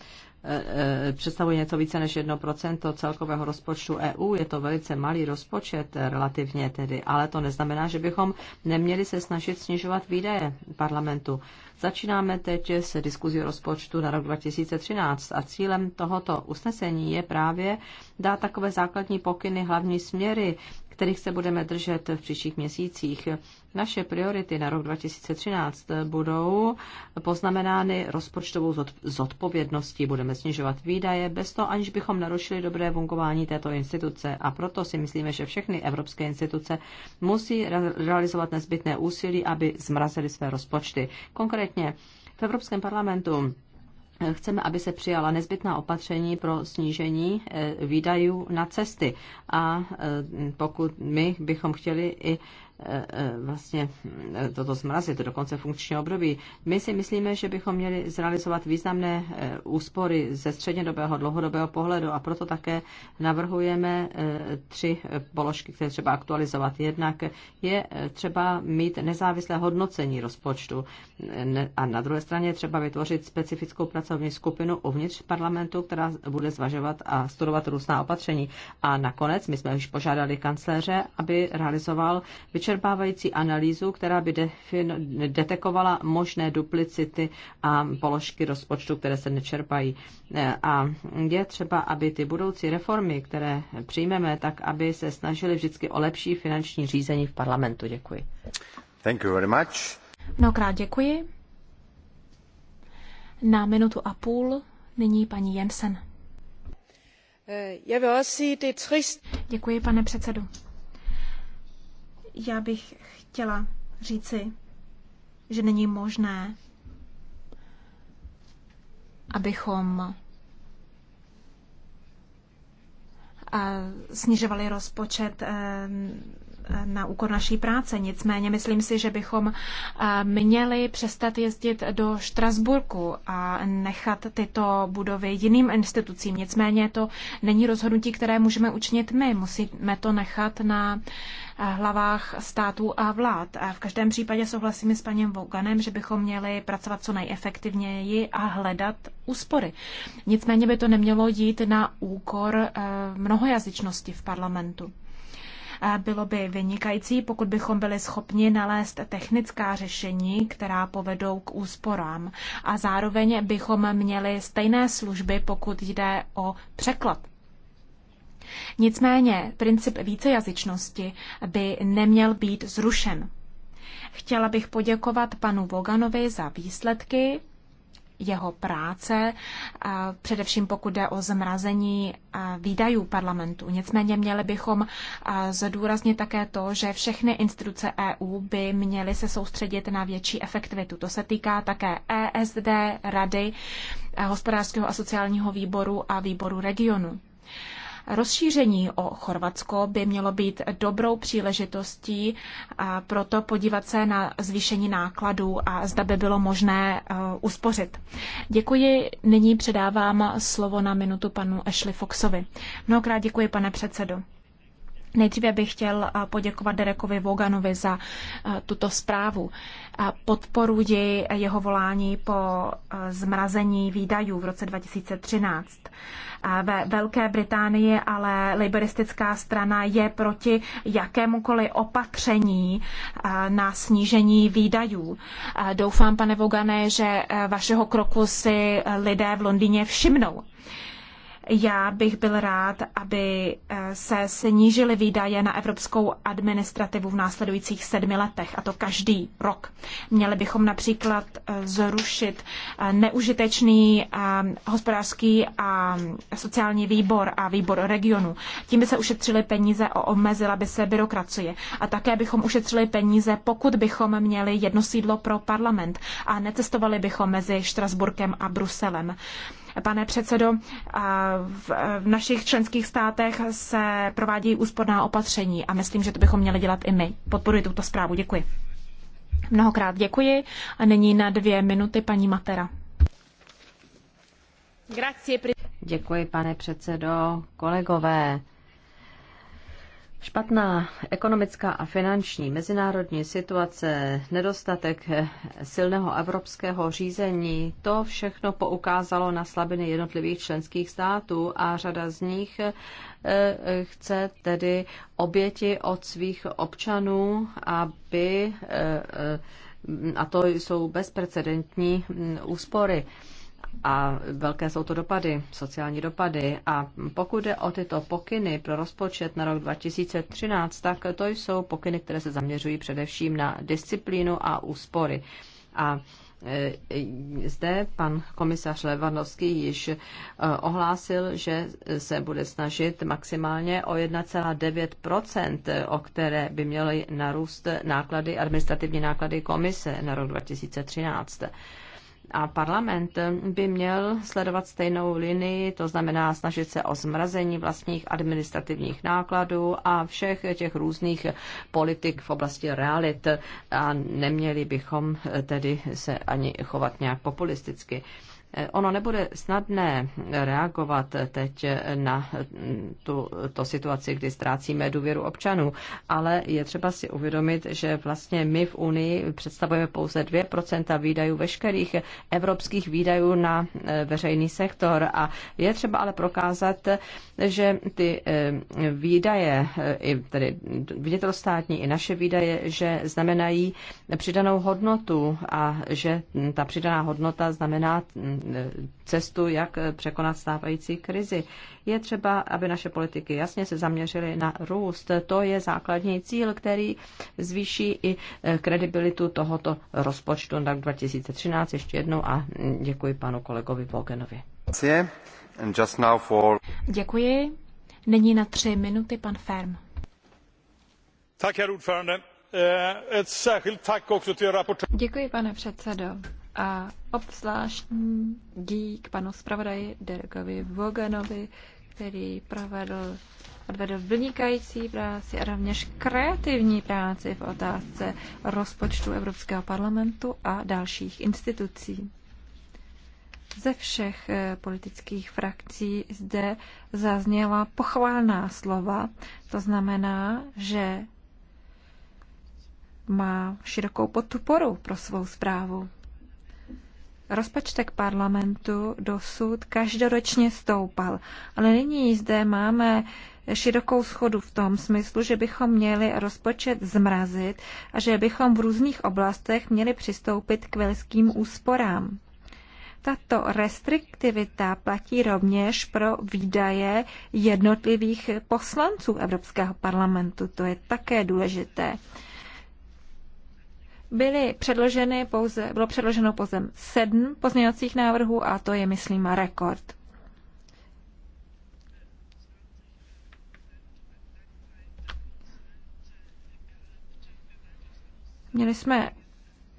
Eh, představuje něco více než 1% celkového rozpočtu EU. Je to velice malý rozpočet eh, relativně tedy, ale to neznamená, že bychom neměli se snažit snižovat výdaje parlamentu. Začínáme teď s diskuzí o rozpočtu na rok 2013 a cílem tohoto usnesení je právě dát takové základní pokyny, hlavní směry, kterých se budeme držet v příštích měsících. Naše priority na rok 2013 budou poznamenány rozpočtovou zodpovědností. Budeme snižovat výdaje bez toho, aniž bychom narušili dobré fungování této instituce. A proto si myslíme, že všechny evropské instituce musí realizovat nezbytné úsilí, aby zmrazily své rozpočty. Konkrétně Konkrétně v Evropském parlamentu chceme, aby se přijala nezbytná opatření pro snížení eh, výdajů na cesty. A eh, pokud my bychom chtěli i Eh, eh, vlastně eh, toto zmrazit do konce funkčního období. My si myslíme, že bychom měli zrealizovat významné úspory ze střednědobého, dlouhodobého pohledu a proto také navrhujeme tři položky, které třeba aktualizovat. Jednak je třeba mít nezávislé hodnocení rozpočtu a na druhé straně třeba vytvořit specifickou pracovní skupinu uvnitř parlamentu, která bude zvažovat a studovat různá opatření. A nakonec my jsme už požádali kancléře, aby realizoval vyč vyčerpávající analýzu, která by defin- detekovala možné duplicity a položky rozpočtu, které se nečerpají. E, a je třeba, aby ty budoucí reformy, které přijmeme, tak aby se snažili vždycky o lepší finanční řízení v parlamentu. Děkuji. Thank you very much. Mnohokrát děkuji. Na minutu a půl nyní paní Jensen. Eh, er děkuji, pane předsedu. Já bych chtěla říci, že není možné, abychom eh, snižovali rozpočet eh, na úkor naší práce. Nicméně myslím si, že bychom eh, měli přestat jezdit do Štrasburku a nechat tyto budovy jiným institucím. Nicméně to není rozhodnutí, které můžeme učinit my. Musíme to nechat na eh, hlavách států a vlád. A v každém případě souhlasím s panem Vouganem, že bychom měli pracovat co nejefektivněji a hledat úspory. Nicméně by to nemělo jít na úkor eh, mnohojazyčnosti v parlamentu. Eh, bylo by vynikající, pokud bychom byli schopni nalézt technická řešení, která povedou k úsporám. A zároveň bychom měli stejné služby, pokud jde o překlad. Nicméně princip vícejazyčnosti by neměl být zrušen. Chtěla bych poděkovat panu Voganovi za výsledky jeho práce, především pokud jde o zmrazení výdajů parlamentu. Nicméně měli bychom zdůraznit také to, že všechny instituce EU by měly se soustředit na větší efektivitu. To se týká také ESD, Rady, hospodářského a sociálního výboru a výboru regionu. Rozšíření o Chorvatsko by mělo být dobrou příležitostí a proto podívat se na zvýšení nákladů a zda by bylo možné e, uspořit. Děkuji. Nyní předávám slovo na minutu panu Ashley Foxovi. Mnohokrát děkuji, pane předsedo. Nejdříve bych chtěl poděkovat Derekovi Voganovi za tuto zprávu. Podporuji jeho volání po zmrazení výdajů v roce 2013. Ve Velké Británii ale liberistická strana je proti jakémukoliv opatření na snížení výdajů. Doufám, pane Vogane, že vašeho kroku si lidé v Londýně všimnou. Já bych byl rád, aby eh, se snížily výdaje na evropskou administrativu v následujících sedmi letech, a to každý rok. Měli bychom například eh, zrušit eh, neužitečný hospodářský a sociální výbor a výbor regionu. Tím by se ušetřily peníze a omezila by se byrokracie. A také bychom ušetřili peníze, pokud bychom měli jedno sídlo pro parlament a necestovali bychom mezi Štrasburkem a Bruselem. Pane předsedo, v našich členských státech se provádějí úsporná opatření a myslím, že to bychom měli dělat i my. Podporuji tuto zprávu. Děkuji. Mnohokrát děkuji a nyní na dvě minuty paní Matera. Děkuji, pane předsedo. Kolegové, Špatná ekonomická a finanční mezinárodní situace, nedostatek silného evropského řízení, to všechno poukázalo na slabiny jednotlivých členských států a řada z nich eh, chce tedy oběti od svých občanů, aby eh, eh, a to jsou bezprecedentní mm, úspory a velké jsou to dopady, sociální dopady. A pokud jde o tyto pokyny pro rozpočet na rok 2013, tak to jsou pokyny, které se zaměřují především na disciplínu a úspory. A e, zde pan komisař Levanovský již e, ohlásil, že se bude snažit maximálně o 1,9 o které by měly narůst náklady, administrativní náklady komise na rok 2013. A parlament by měl sledovat stejnou linii, to znamená snažit se o zmrazení vlastních administrativních nákladů a všech těch různých politik v oblasti realit. A neměli bychom tedy se ani chovat nějak populisticky. Ono nebude snadné reagovat teď na tu to situaci, kdy ztrácíme důvěru občanů, ale je třeba si uvědomit, že vlastně my v Unii představujeme pouze 2% výdajů veškerých evropských výdajů na eh, veřejný sektor a je třeba ale prokázat, že ty eh, výdaje, eh, i tedy vnitrostátní i naše výdaje, že znamenají přidanou hodnotu a že ta přidaná hodnota znamená hm, cestu, jak překonat stávající krizi. Je třeba, aby naše politiky jasně se zaměřily na růst. To je základní cíl, který zvýší i eh, kredibilitu tohoto rozpočtu na 2013. Ještě jednou a děkuji panu kolegovi Bogenovi. Děkuji. Není na tři minuty pan Ferm. Eh, děkuji, pane předsedo a obzvláštní dík panu zpravodaji Derekovi Voganovi, který provedl, odvedl vynikající práci a rovněž kreativní práci v otázce rozpočtu Evropského parlamentu a dalších institucí. Ze všech eh, politických frakcí zde zazněla pochválná slova, to znamená, že má širokou podporu pro svou zprávu. Rozpočtek parlamentu dosud každoročně stoupal, ale nyní zde máme širokou schodu v tom smyslu, že bychom měli rozpočet zmrazit a že bychom v různých oblastech měli přistoupit k velkým úsporám. Tato restriktivita platí rovněž pro výdaje jednotlivých poslanců Evropského parlamentu. To je také důležité byly předloženy pouze, bylo předloženo pouze sedm pozměňovacích návrhů a to je, myslím, rekord. Měli jsme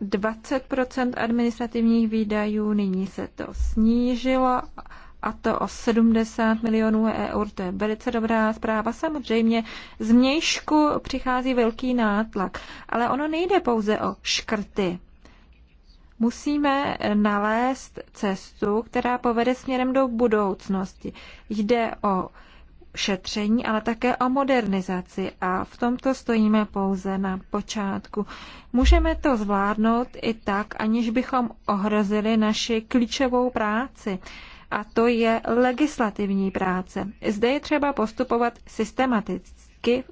20 administrativních výdajů, nyní se to snížilo a to o 70 milionů eur. To je velice dobrá zpráva. Samozřejmě z mějšku přichází velký nátlak, ale ono nejde pouze o škrty. Musíme nalézt cestu, která povede směrem do budoucnosti. Jde o šetření, ale také o modernizaci a v tomto stojíme pouze na počátku. Můžeme to zvládnout i tak, aniž bychom ohrozili naši klíčovou práci a to je legislativní práce. Zde je třeba postupovat systematicky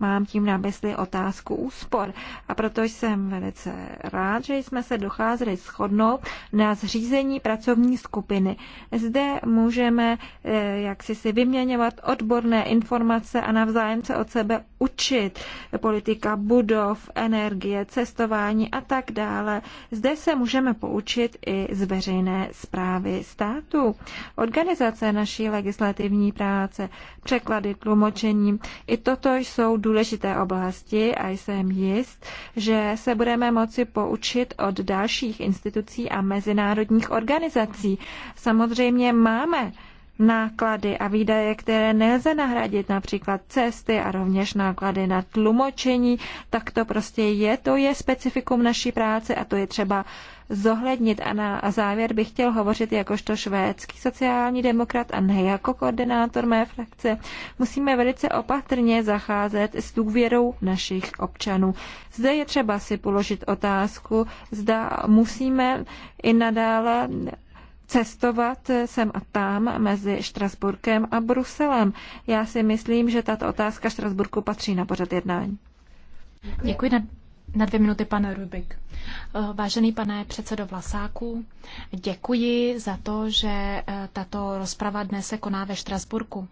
Mám tím na mysli otázku úspor. A proto jsem velice rád, že jsme se docházeli shodnout na zřízení pracovní skupiny. Zde můžeme eh, jak si si vyměňovat odborné informace a navzájem se od sebe učit. Politika budov, energie, cestování a tak dále. Zde se můžeme poučit i z veřejné zprávy státu. Organizace naší legislativní práce, překlady, tlumočení, i toto jsou důležité oblasti a jsem jist, že se budeme moci poučit od dalších institucí a mezinárodních organizací. Samozřejmě máme náklady a výdaje, které nelze nahradit, například cesty a rovněž náklady na tlumočení, tak to prostě je, to je specifikum naší práce a to je třeba zohlednit. A na závěr bych chtěl hovořit jakožto švédský sociální demokrat a ne jako koordinátor mé frakce. Musíme velice opatrně zacházet s důvěrou našich občanů. Zde je třeba si položit otázku, zda musíme i nadále cestovat eh, sem a tam mezi Štrasburkem a Bruselem. Já si myslím, že tato otázka Štrasburku patří na pořad jednání. Děkuji na, na dvě minuty, pane Rubik. Eh, vážený pane předsedo Vlasáku, děkuji za to, že eh, tato rozprava dnes se koná ve Štrasburku.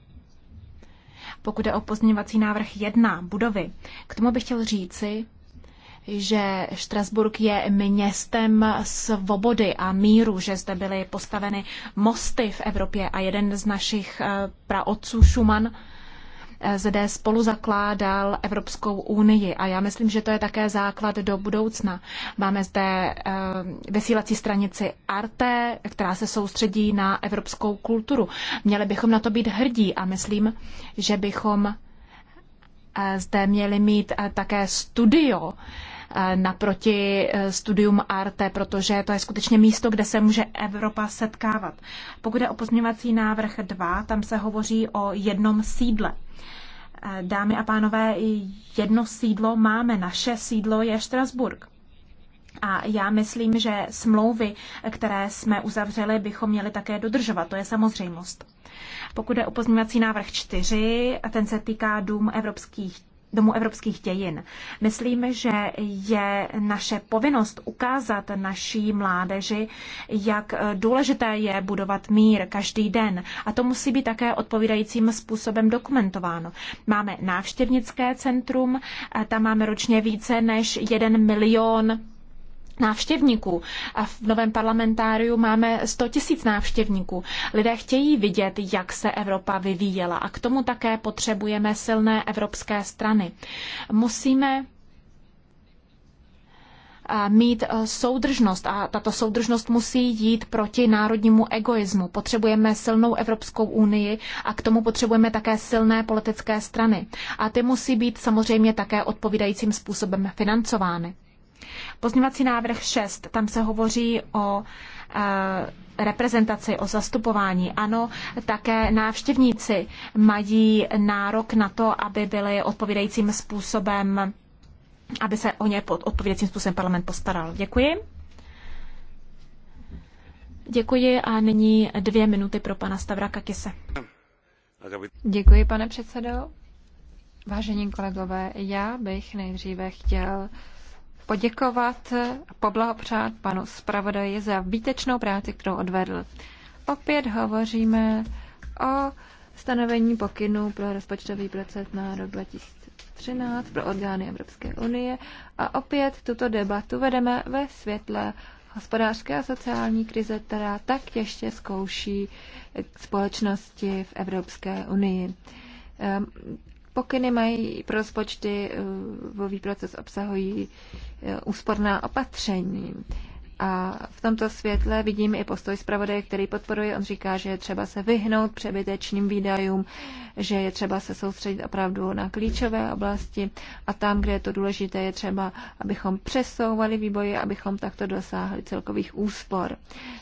Pokud je o pozměňovací návrh jedna budovy, k tomu bych chtěl říci, že Štrasburg je městem svobody a míru, že zde byly postaveny mosty v Evropě a jeden z našich eh, praotců Schumann eh, zde spolu zakládal Evropskou unii a já myslím, že to je také základ do budoucna. Máme zde eh, vysílací stranici Arte, která se soustředí na evropskou kulturu. Měli bychom na to být hrdí a myslím, že bychom zde měli mít také studio, naproti eh, studium Arte, protože to je skutečně místo, kde se může Evropa setkávat. Pokud je o pozměňovací návrh 2, tam se hovoří o jednom sídle. Eh, dámy a pánové, jedno sídlo máme, naše sídlo je Štrasburg. A já myslím, že smlouvy, které jsme uzavřeli, bychom měli také dodržovat. To je samozřejmost. Pokud je o pozměňovací návrh 4, ten se týká dům evropských Domu evropských dějin. Myslím, že je naše povinnost ukázat naší mládeži, jak důležité je budovat mír každý den. A to musí být také odpovídajícím způsobem dokumentováno. Máme návštěvnické centrum, tam máme ročně více než jeden milion návštěvníků. A v novém parlamentáriu máme 100 tisíc návštěvníků. Lidé chtějí vidět, jak se Evropa vyvíjela a k tomu také potřebujeme silné evropské strany. Musíme mít e, soudržnost a tato soudržnost musí jít proti národnímu egoismu. Potřebujeme silnou Evropskou unii a k tomu potřebujeme také silné politické strany. A ty musí být samozřejmě také odpovídajícím způsobem financovány. Pozměvací návrh 6, tam se hovoří o eh, reprezentaci, o zastupování. Ano, také návštěvníci mají nárok na to, aby byli odpovídajícím způsobem, aby se o ně pod odpovídajícím způsobem parlament postaral. Děkuji. Děkuji a nyní dvě minuty pro pana Stavra Kakise. Děkuji, pane předsedo. Vážení kolegové, já bych nejdříve chtěl poděkovat a poblahopřát panu zpravodaji za výtečnou práci, kterou odvedl. Opět hovoříme o stanovení pokynů pro rozpočtový proces na rok 2013 pro orgány Evropské unie a opět tuto debatu vedeme ve světle hospodářské a sociální krize, která tak těžce zkouší společnosti v Evropské unii. Ehm, Pokyny mají pro rozpočty eh, vový proces obsahují eh, úsporná opatření. A v tomto světle vidím i postoj zpravodaje, který podporuje. On říká, že je třeba se vyhnout přebytečným výdajům, že je třeba se soustředit opravdu na klíčové oblasti a tam, kde je to důležité, je třeba, abychom přesouvali výboje, abychom takto dosáhli celkových úspor.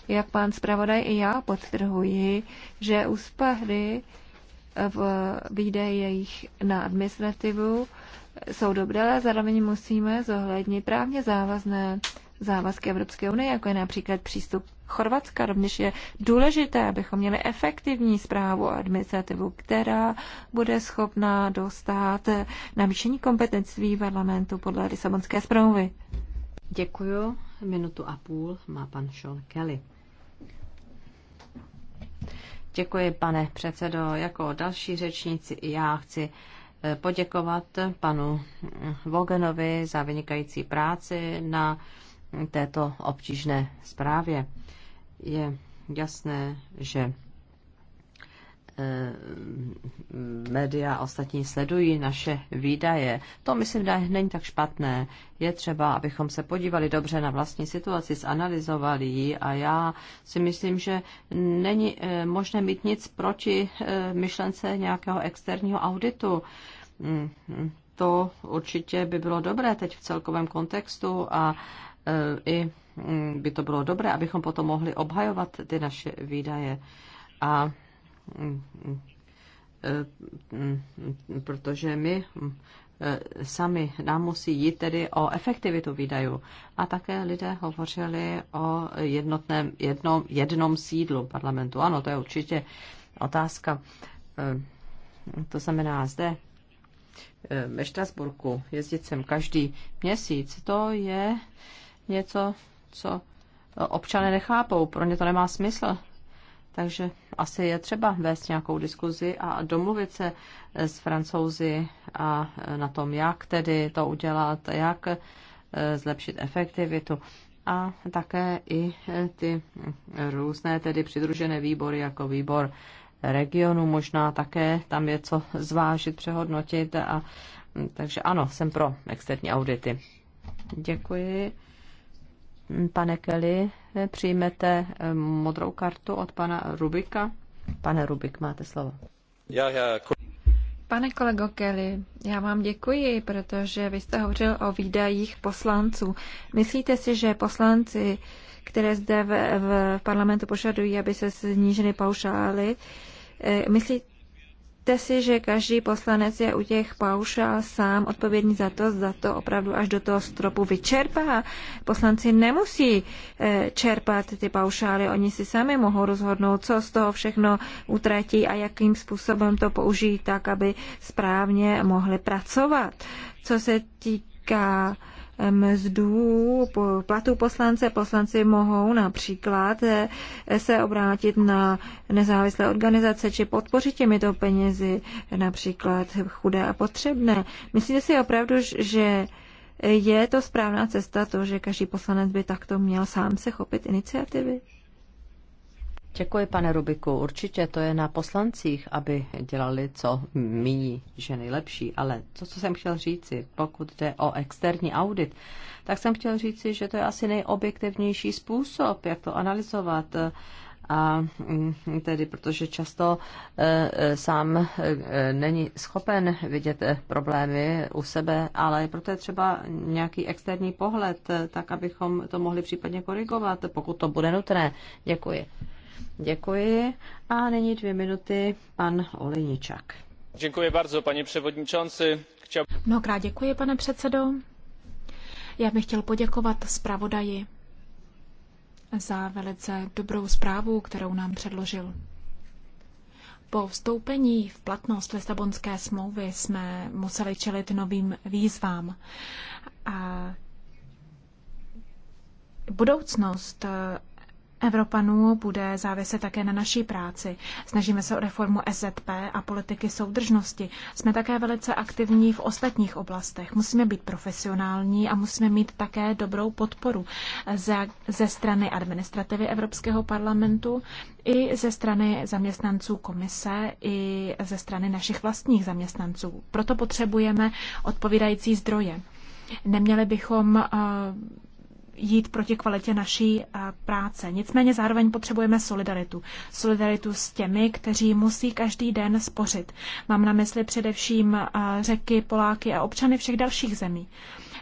Jak pan zpravodaj i já podtrhuji, že úspory v výdaje jejich na administrativu jsou dobré, ale zároveň musíme zohlednit právně závazné závazky Evropské unie, jako je například přístup Chorvatska. Rovněž je důležité, abychom měli efektivní zprávu a administrativu, která bude schopná dostat navýšení kompetencí parlamentu podle Lisabonské zprávy. Děkuji. Minutu a půl má pan Sean Kelly. Děkuji, pane předsedo. Jako další řečníci i já chci eh, poděkovat panu eh, Vogenovi za vynikající práci na eh, této obtížné zprávě. Je jasné, že Eh, média a ostatní sledují naše výdaje. To, myslím, není tak špatné. Je třeba, abychom se podívali dobře na vlastní situaci, zanalizovali ji a já si myslím, že není eh, možné mít nic proti eh, myšlence nějakého externího auditu mm, mm, to určitě by bylo dobré teď v celkovém kontextu a i mm, by to bylo dobré, abychom potom mohli obhajovat ty naše výdaje. A Mm, mm, mm, protože my e, sami nám musí jít tedy o efektivitu výdajů. A také lidé hovořili o jednotném, jednom, jednom sídlu parlamentu. Ano, to je určitě otázka. E, to znamená zde e, ve Štrasburku jezdit sem každý měsíc, to je něco, co občané nechápou, pro ně to nemá smysl. Takže asi je třeba vést nějakou diskuzi a domluvit se s francouzi a na tom, jak tedy to udělat, jak eh, zlepšit efektivitu a také i eh, ty různé tedy přidružené výbory jako výbor regionu možná také tam je co zvážit, přehodnotit a takže ano, jsem pro externí audity. Děkuji. Pane Kelly, přijmete eh, modrou kartu od pana Rubika? Pane Rubik, máte slovo. Já, já, jako- Pane kolego Kelly, já vám děkuji, protože vy jste hovořil o výdajích poslanců. Myslíte si, že poslanci, které zde v, v parlamentu požadují, aby se snížily paušály, eh, myslí, Myslíte si, že každý poslanec je u těch paušál sám odpovědný za to, za to opravdu až do toho stropu vyčerpá? Poslanci nemusí eh, čerpat ty paušály, oni si sami mohou rozhodnout, co z toho všechno utratí a jakým způsobem to použijí tak, aby správně mohli pracovat. Co se týká mzdů, platů poslance. Poslanci mohou například eh, se obrátit na nezávislé organizace či podpořit těmito penězi například chudé a potřebné. Myslíte si opravdu, že je to správná cesta to, že každý poslanec by takto měl sám se chopit iniciativy? Děkuji, pane Rubiku. Určitě to je na poslancích, aby dělali, co míní, že nejlepší. Ale to, co jsem chtěl říci, pokud jde o externí audit, tak jsem chtěl říci, že to je asi nejobjektivnější způsob, jak to analyzovat a mm, tedy protože často e, e, sám e, není schopen vidět problémy u sebe, ale proto je třeba nějaký externí pohled, tak abychom to mohli případně korigovat, pokud to bude nutné. Děkuji. Děkuji. A nyní dvě minuty pan Oliničak. Děkuji bardzo, pane předsedající. Chtěl... Mnohokrát děkuji, pane předsedo. Já bych chtěl poděkovat zpravodaji za velice dobrou zprávu, kterou nám předložil. Po vstoupení v platnost Lisabonské smlouvy jsme museli čelit novým výzvám. A budoucnost Evropanů bude záviset také na naší práci. Snažíme se o reformu SZP a politiky soudržnosti. Jsme také velice aktivní v ostatních oblastech. Musíme být profesionální a musíme mít také dobrou podporu ze, ze strany administrativy Evropského parlamentu i ze strany zaměstnanců komise i ze strany našich vlastních zaměstnanců. Proto potřebujeme odpovídající zdroje. Neměli bychom uh, jít proti kvalitě naší eh, práce. Nicméně zároveň potřebujeme solidaritu. Solidaritu s těmi, kteří musí každý den spořit. Mám na mysli především eh, řeky, Poláky a občany všech dalších zemí.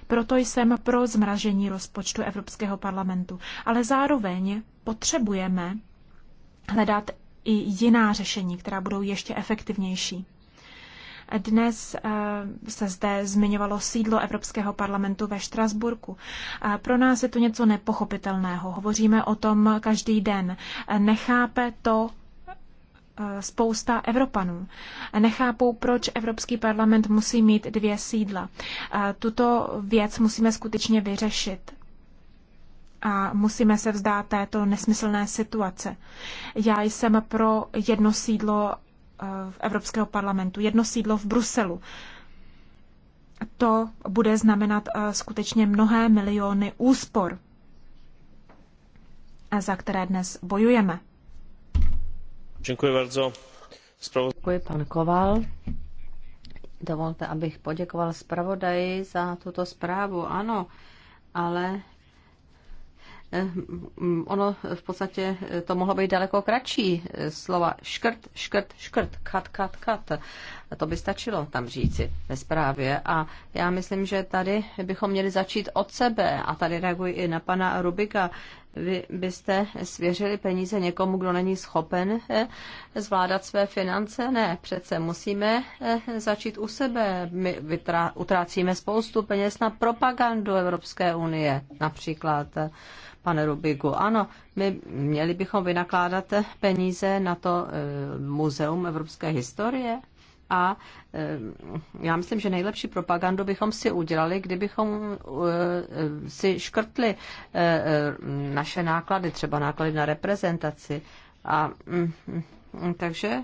Proto jsem pro zmražení rozpočtu Evropského parlamentu. Ale zároveň potřebujeme hledat i jiná řešení, která budou ještě efektivnější. Dnes eh, se zde zmiňovalo sídlo Evropského parlamentu ve Štrasburku. Eh, pro nás je to něco nepochopitelného. Hovoříme o tom každý den. Nechápe to eh, spousta Evropanů. Nechápou, proč Evropský parlament musí mít dvě sídla. Tuto věc musíme skutečně vyřešit a musíme se vzdát této nesmyslné situace. Já jsem pro jedno sídlo Evropského parlamentu, jedno sídlo v Bruselu. To bude znamenat eh, skutečně mnohé miliony úspor, eh, za které dnes bojujeme. Děkuji bardzo. Spravo... Děkuji, pan Koval. Dovolte, abych poděkoval zpravodaji za tuto zprávu. Ano, ale Eh, ono v podstatě eh, to mohlo být daleko kratší. Eh, slova škrt, škrt, škrt, kat, kat, kat. To by stačilo tam říci ve zprávě. A já myslím, že tady bychom měli začít od sebe. A tady reaguji i na pana Rubika, vy byste svěřili peníze někomu, kdo není schopen eh, zvládat své finance? Ne, přece musíme eh, začít u sebe. My utrácíme spoustu peněz na propagandu Evropské unie, například eh, pane Rubigu. Ano, my měli bychom vynakládat peníze na to Muzeum evropské historie. A eh, já myslím, že nejlepší propagandu bychom si udělali, kdybychom eh, si škrtli eh, naše náklady, třeba náklady na reprezentaci. A mm, takže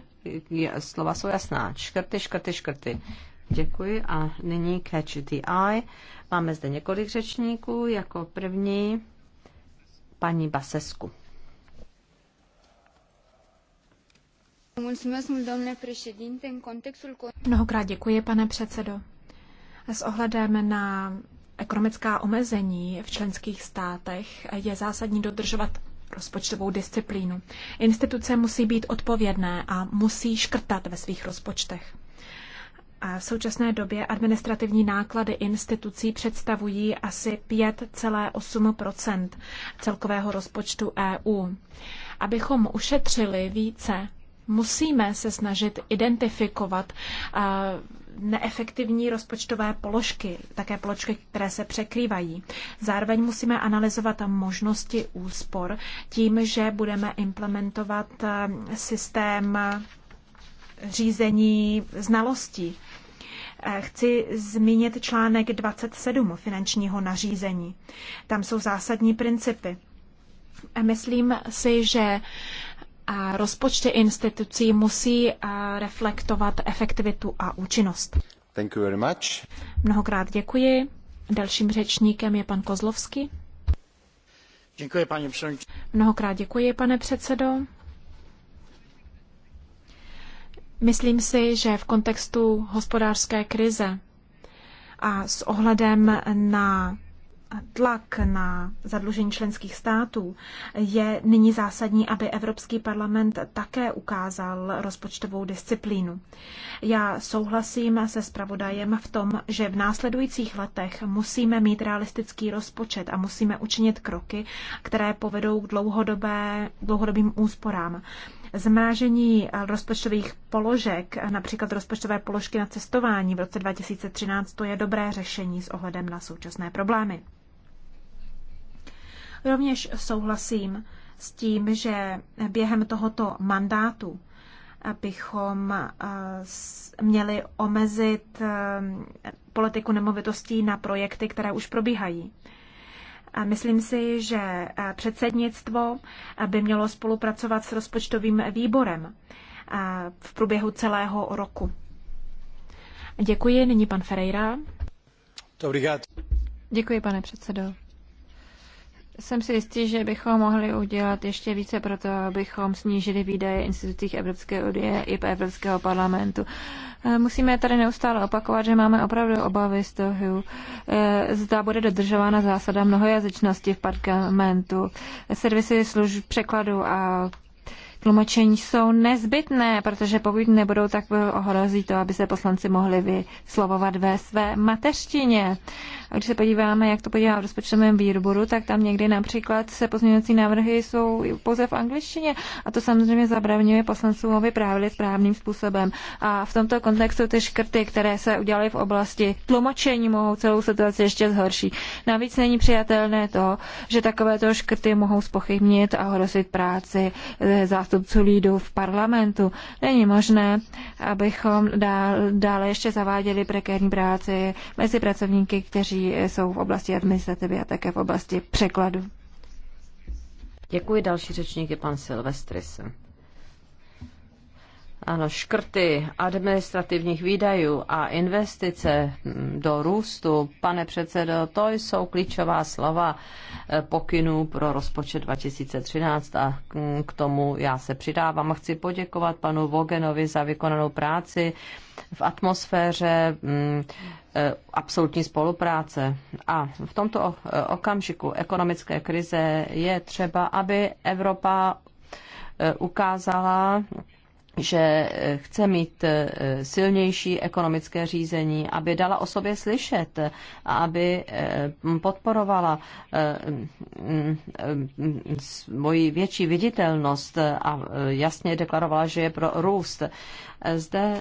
slova jsou jasná. Škrty, škrty, škrty. Děkuji a nyní Catch the Eye. Máme zde několik řečníků. Jako první paní Basesku. Mnohokrát děkuji, pane předsedo. S ohledem na ekonomická omezení v členských státech je zásadní dodržovat rozpočtovou disciplínu. Instituce musí být odpovědné a musí škrtat ve svých rozpočtech. A v současné době administrativní náklady institucí představují asi 5,8 celkového rozpočtu EU. Abychom ušetřili více musíme se snažit identifikovat eh, neefektivní rozpočtové položky, také položky, které se překrývají. Zároveň musíme analyzovat možnosti úspor tím, že budeme implementovat eh, systém eh, řízení znalostí. Chci zmínit článek 27 finančního nařízení. Tam jsou zásadní principy. Myslím si, že a rozpočty institucí musí eh, reflektovat efektivitu a účinnost. Thank you very much. Mnohokrát děkuji. Dalším řečníkem je pan Kozlovský. Děkuji, paní předsedo. Mnohokrát děkuji, pane předsedo. Myslím si, že v kontextu hospodářské krize a s ohledem na tlak na zadlužení členských států, je nyní zásadní, aby Evropský parlament také ukázal rozpočtovou disciplínu. Já souhlasím se spravodajem v tom, že v následujících letech musíme mít realistický rozpočet a musíme učinit kroky, které povedou k dlouhodobé, dlouhodobým úsporám zmrážení rozpočtových položek, například rozpočtové položky na cestování v roce 2013, to je dobré řešení s ohledem na současné problémy. Rovněž souhlasím s tím, že během tohoto mandátu bychom eh, měli omezit eh, politiku nemovitostí na projekty, které už probíhají. Myslím si, že eh, předsednictvo by mělo spolupracovat s rozpočtovým výborem v průběhu celého roku. Děkuji. Nyní pan Ferreira. Děkuji, pane předsedo jsem si jistý, že bychom mohli udělat ještě více pro to, abychom snížili výdaje institucích Evropské unie i Evropského parlamentu. Eh, musíme tady neustále opakovat, že máme opravdu obavy z toho, eh, zda bude dodržována zásada mnohojazyčnosti v parlamentu. Servisy služb překladu a tlumočení jsou nezbytné, protože pokud nebudou, tak eh, ohrozí to, aby se poslanci mohli vyslovovat ve své mateřštině. A když se podíváme, jak to podívá v rozpočtovém výboru, tak tam někdy například se pozměňovací návrhy jsou pouze v angličtině a to samozřejmě zabravňuje poslancům, aby právili správným způsobem. A v tomto kontextu ty škrty, které se udělaly v oblasti tlumočení, mohou celou situaci ještě zhorší. Navíc není přijatelné to, že takovéto škrty mohou spochybnit a ohrozit práci eh, zástupců lídu v parlamentu. Není možné, abychom dál, dále ještě zaváděli prekérní práci mezi pracovníky, kteří jsou v oblasti administrativy a také v oblasti překladu. Děkuji. Další řečník je pan Silvestris. Ano, škrty administrativních výdajů a investice do růstu, pane předsedo, to jsou klíčová slova eh, pokynů pro rozpočet 2013 a k tomu já se přidávám. A chci poděkovat panu Vogenovi za vykonanou práci v atmosféře mm, eh, absolutní spolupráce. A v tomto eh, okamžiku ekonomické krize je třeba, aby Evropa ukázala, že eh, chce mít eh, silnější ekonomické řízení, aby dala o sobě slyšet, aby eh, podporovala svoji větší viditelnost a jasně deklarovala, že je pro růst. Zde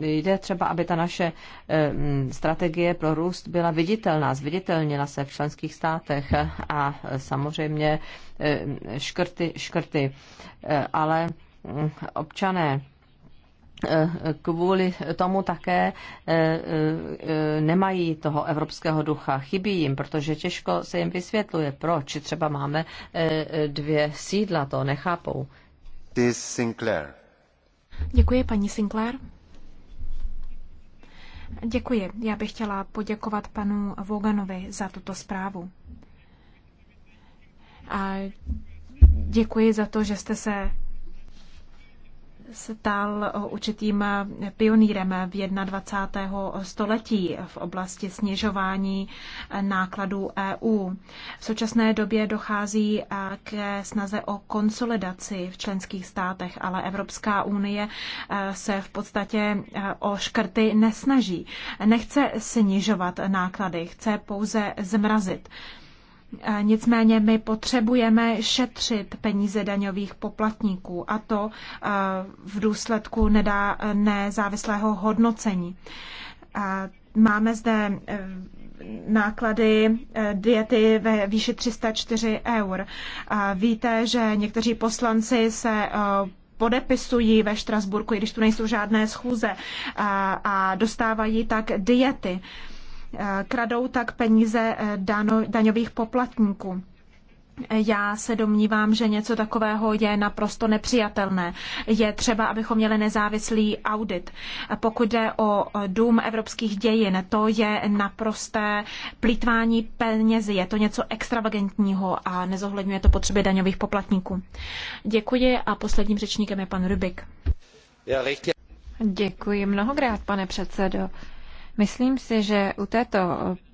jde třeba, aby ta naše strategie pro růst byla viditelná, zviditelněna se v členských státech a samozřejmě škrty, škrty. Ale občané eh, kvůli tomu také eh, eh, nemají toho evropského ducha. Chybí jim, protože těžko se jim vysvětluje, proč třeba máme dvě sídla, to nechápou. Sinclair. Děkuji, paní Sinclair. Děkuji. Já bych chtěla poděkovat panu Voganovi za tuto zprávu. A děkuji za to, že jste se stal určitým pionýrem v 21. století v oblasti snižování nákladů EU. V současné době dochází k snaze o konsolidaci v členských státech, ale Evropská unie se v podstatě o škrty nesnaží. Nechce snižovat náklady, chce pouze zmrazit. Nicméně my potřebujeme šetřit peníze daňových poplatníků a to v důsledku nedá, nezávislého hodnocení. Máme zde e, náklady e, diety ve výši 304 eur. Víte, že někteří poslanci se e, podepisují ve Štrasburku, i když tu nejsou žádné schůze a dostávají tak diety kradou tak peníze eh, daňových poplatníků. Já se domnívám, že něco takového je naprosto nepřijatelné. Je třeba, abychom měli nezávislý audit. Pokud jde o dům evropských dějin, to je naprosté plítvání penězi. Je to něco extravagantního a nezohledňuje to potřeby daňových poplatníků. Děkuji a posledním řečníkem je pan Rybik. Děkuji mnohokrát, pane předsedo. Myslím si, že u této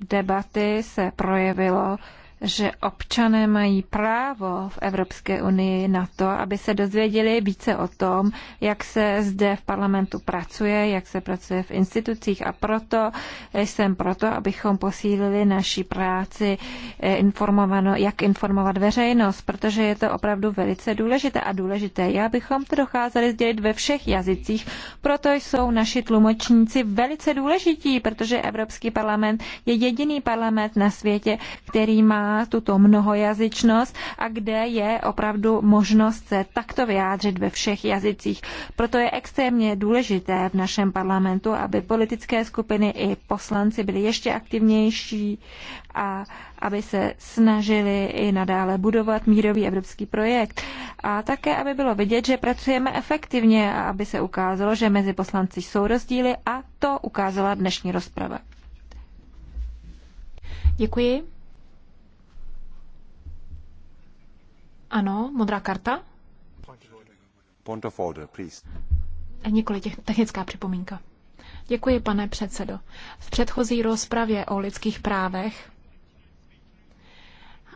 debaty se projevilo, že občané mají právo v Evropské unii na to, aby se dozvěděli více o tom, jak se zde v parlamentu pracuje, jak se pracuje v institucích a proto jsem proto, abychom posílili naší práci eh, informovano, jak informovat veřejnost, protože je to opravdu velice důležité a důležité je, abychom to docházeli sdělit ve všech jazycích, proto jsou naši tlumočníci velice důležití, protože Evropský parlament je jediný parlament na světě, který má má tuto mnohojazyčnost a kde je opravdu možnost se takto vyjádřit ve všech jazycích. Proto je extrémně důležité v našem parlamentu, aby politické skupiny i poslanci byli ještě aktivnější a aby se snažili i nadále budovat mírový evropský projekt. A také, aby bylo vidět, že pracujeme efektivně a aby se ukázalo, že mezi poslanci jsou rozdíly a to ukázala dnešní rozprava. Děkuji. Ano, modrá karta. Point of order, please. Nikoli technická připomínka. Děkuji, pane předsedo. V předchozí rozpravě o lidských právech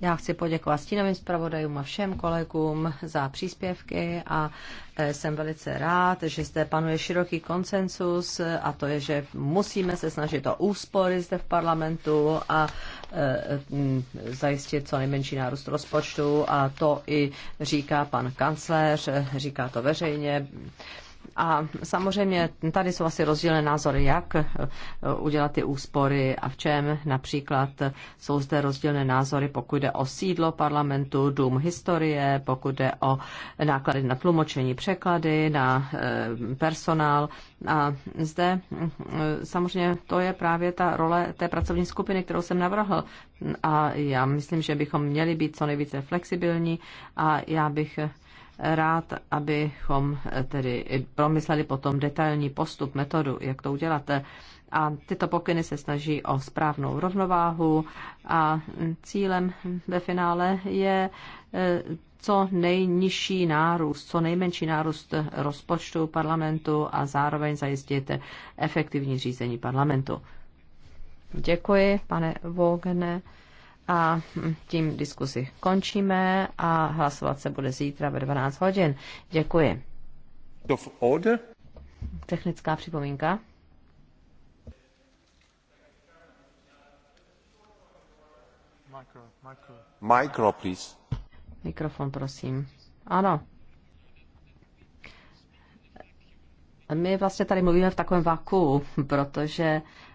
Já chci poděkovat stínovým zpravodajům a všem kolegům za příspěvky a e, jsem velice rád, že zde panuje široký konsensus a to je, že musíme se snažit o úspory zde v parlamentu a e, zajistit co nejmenší nárůst rozpočtu a to i říká pan kancléř, říká to veřejně. A samozřejmě tady jsou asi rozdílné názory, jak eh, udělat ty úspory a v čem. Například jsou zde rozdílné názory, pokud jde o sídlo parlamentu, dům historie, pokud jde o náklady na tlumočení, překlady, na eh, personál. A zde eh, samozřejmě to je právě ta role té pracovní skupiny, kterou jsem navrhl. A já myslím, že bychom měli být co nejvíce flexibilní a já bych rád, abychom tedy promysleli potom detailní postup, metodu, jak to udělat. A tyto pokyny se snaží o správnou rovnováhu a cílem ve finále je eh, co nejnižší nárůst, co nejmenší nárůst rozpočtu parlamentu a zároveň zajistit efektivní řízení parlamentu. Děkuji, pane Vogne. A tím diskusi končíme a hlasovat se bude zítra ve 12 hodin. Děkuji. Technická připomínka. Micro, micro. Micro, please. Mikrofon, prosím. Ano. My vlastně tady mluvíme v takovém vaku, protože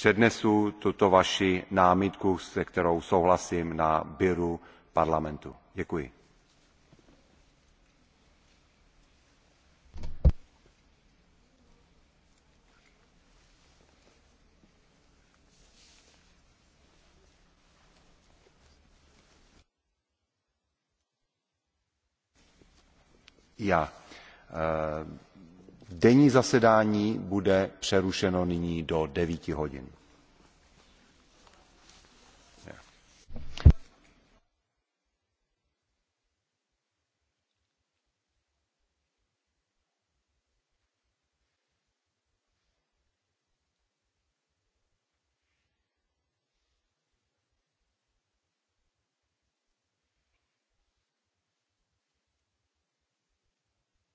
přednesu tuto vaši námitku se kterou souhlasím na byru parlamentu. děkuji. já eh, denní zasedání bude přerušeno nyní do devíti hodin.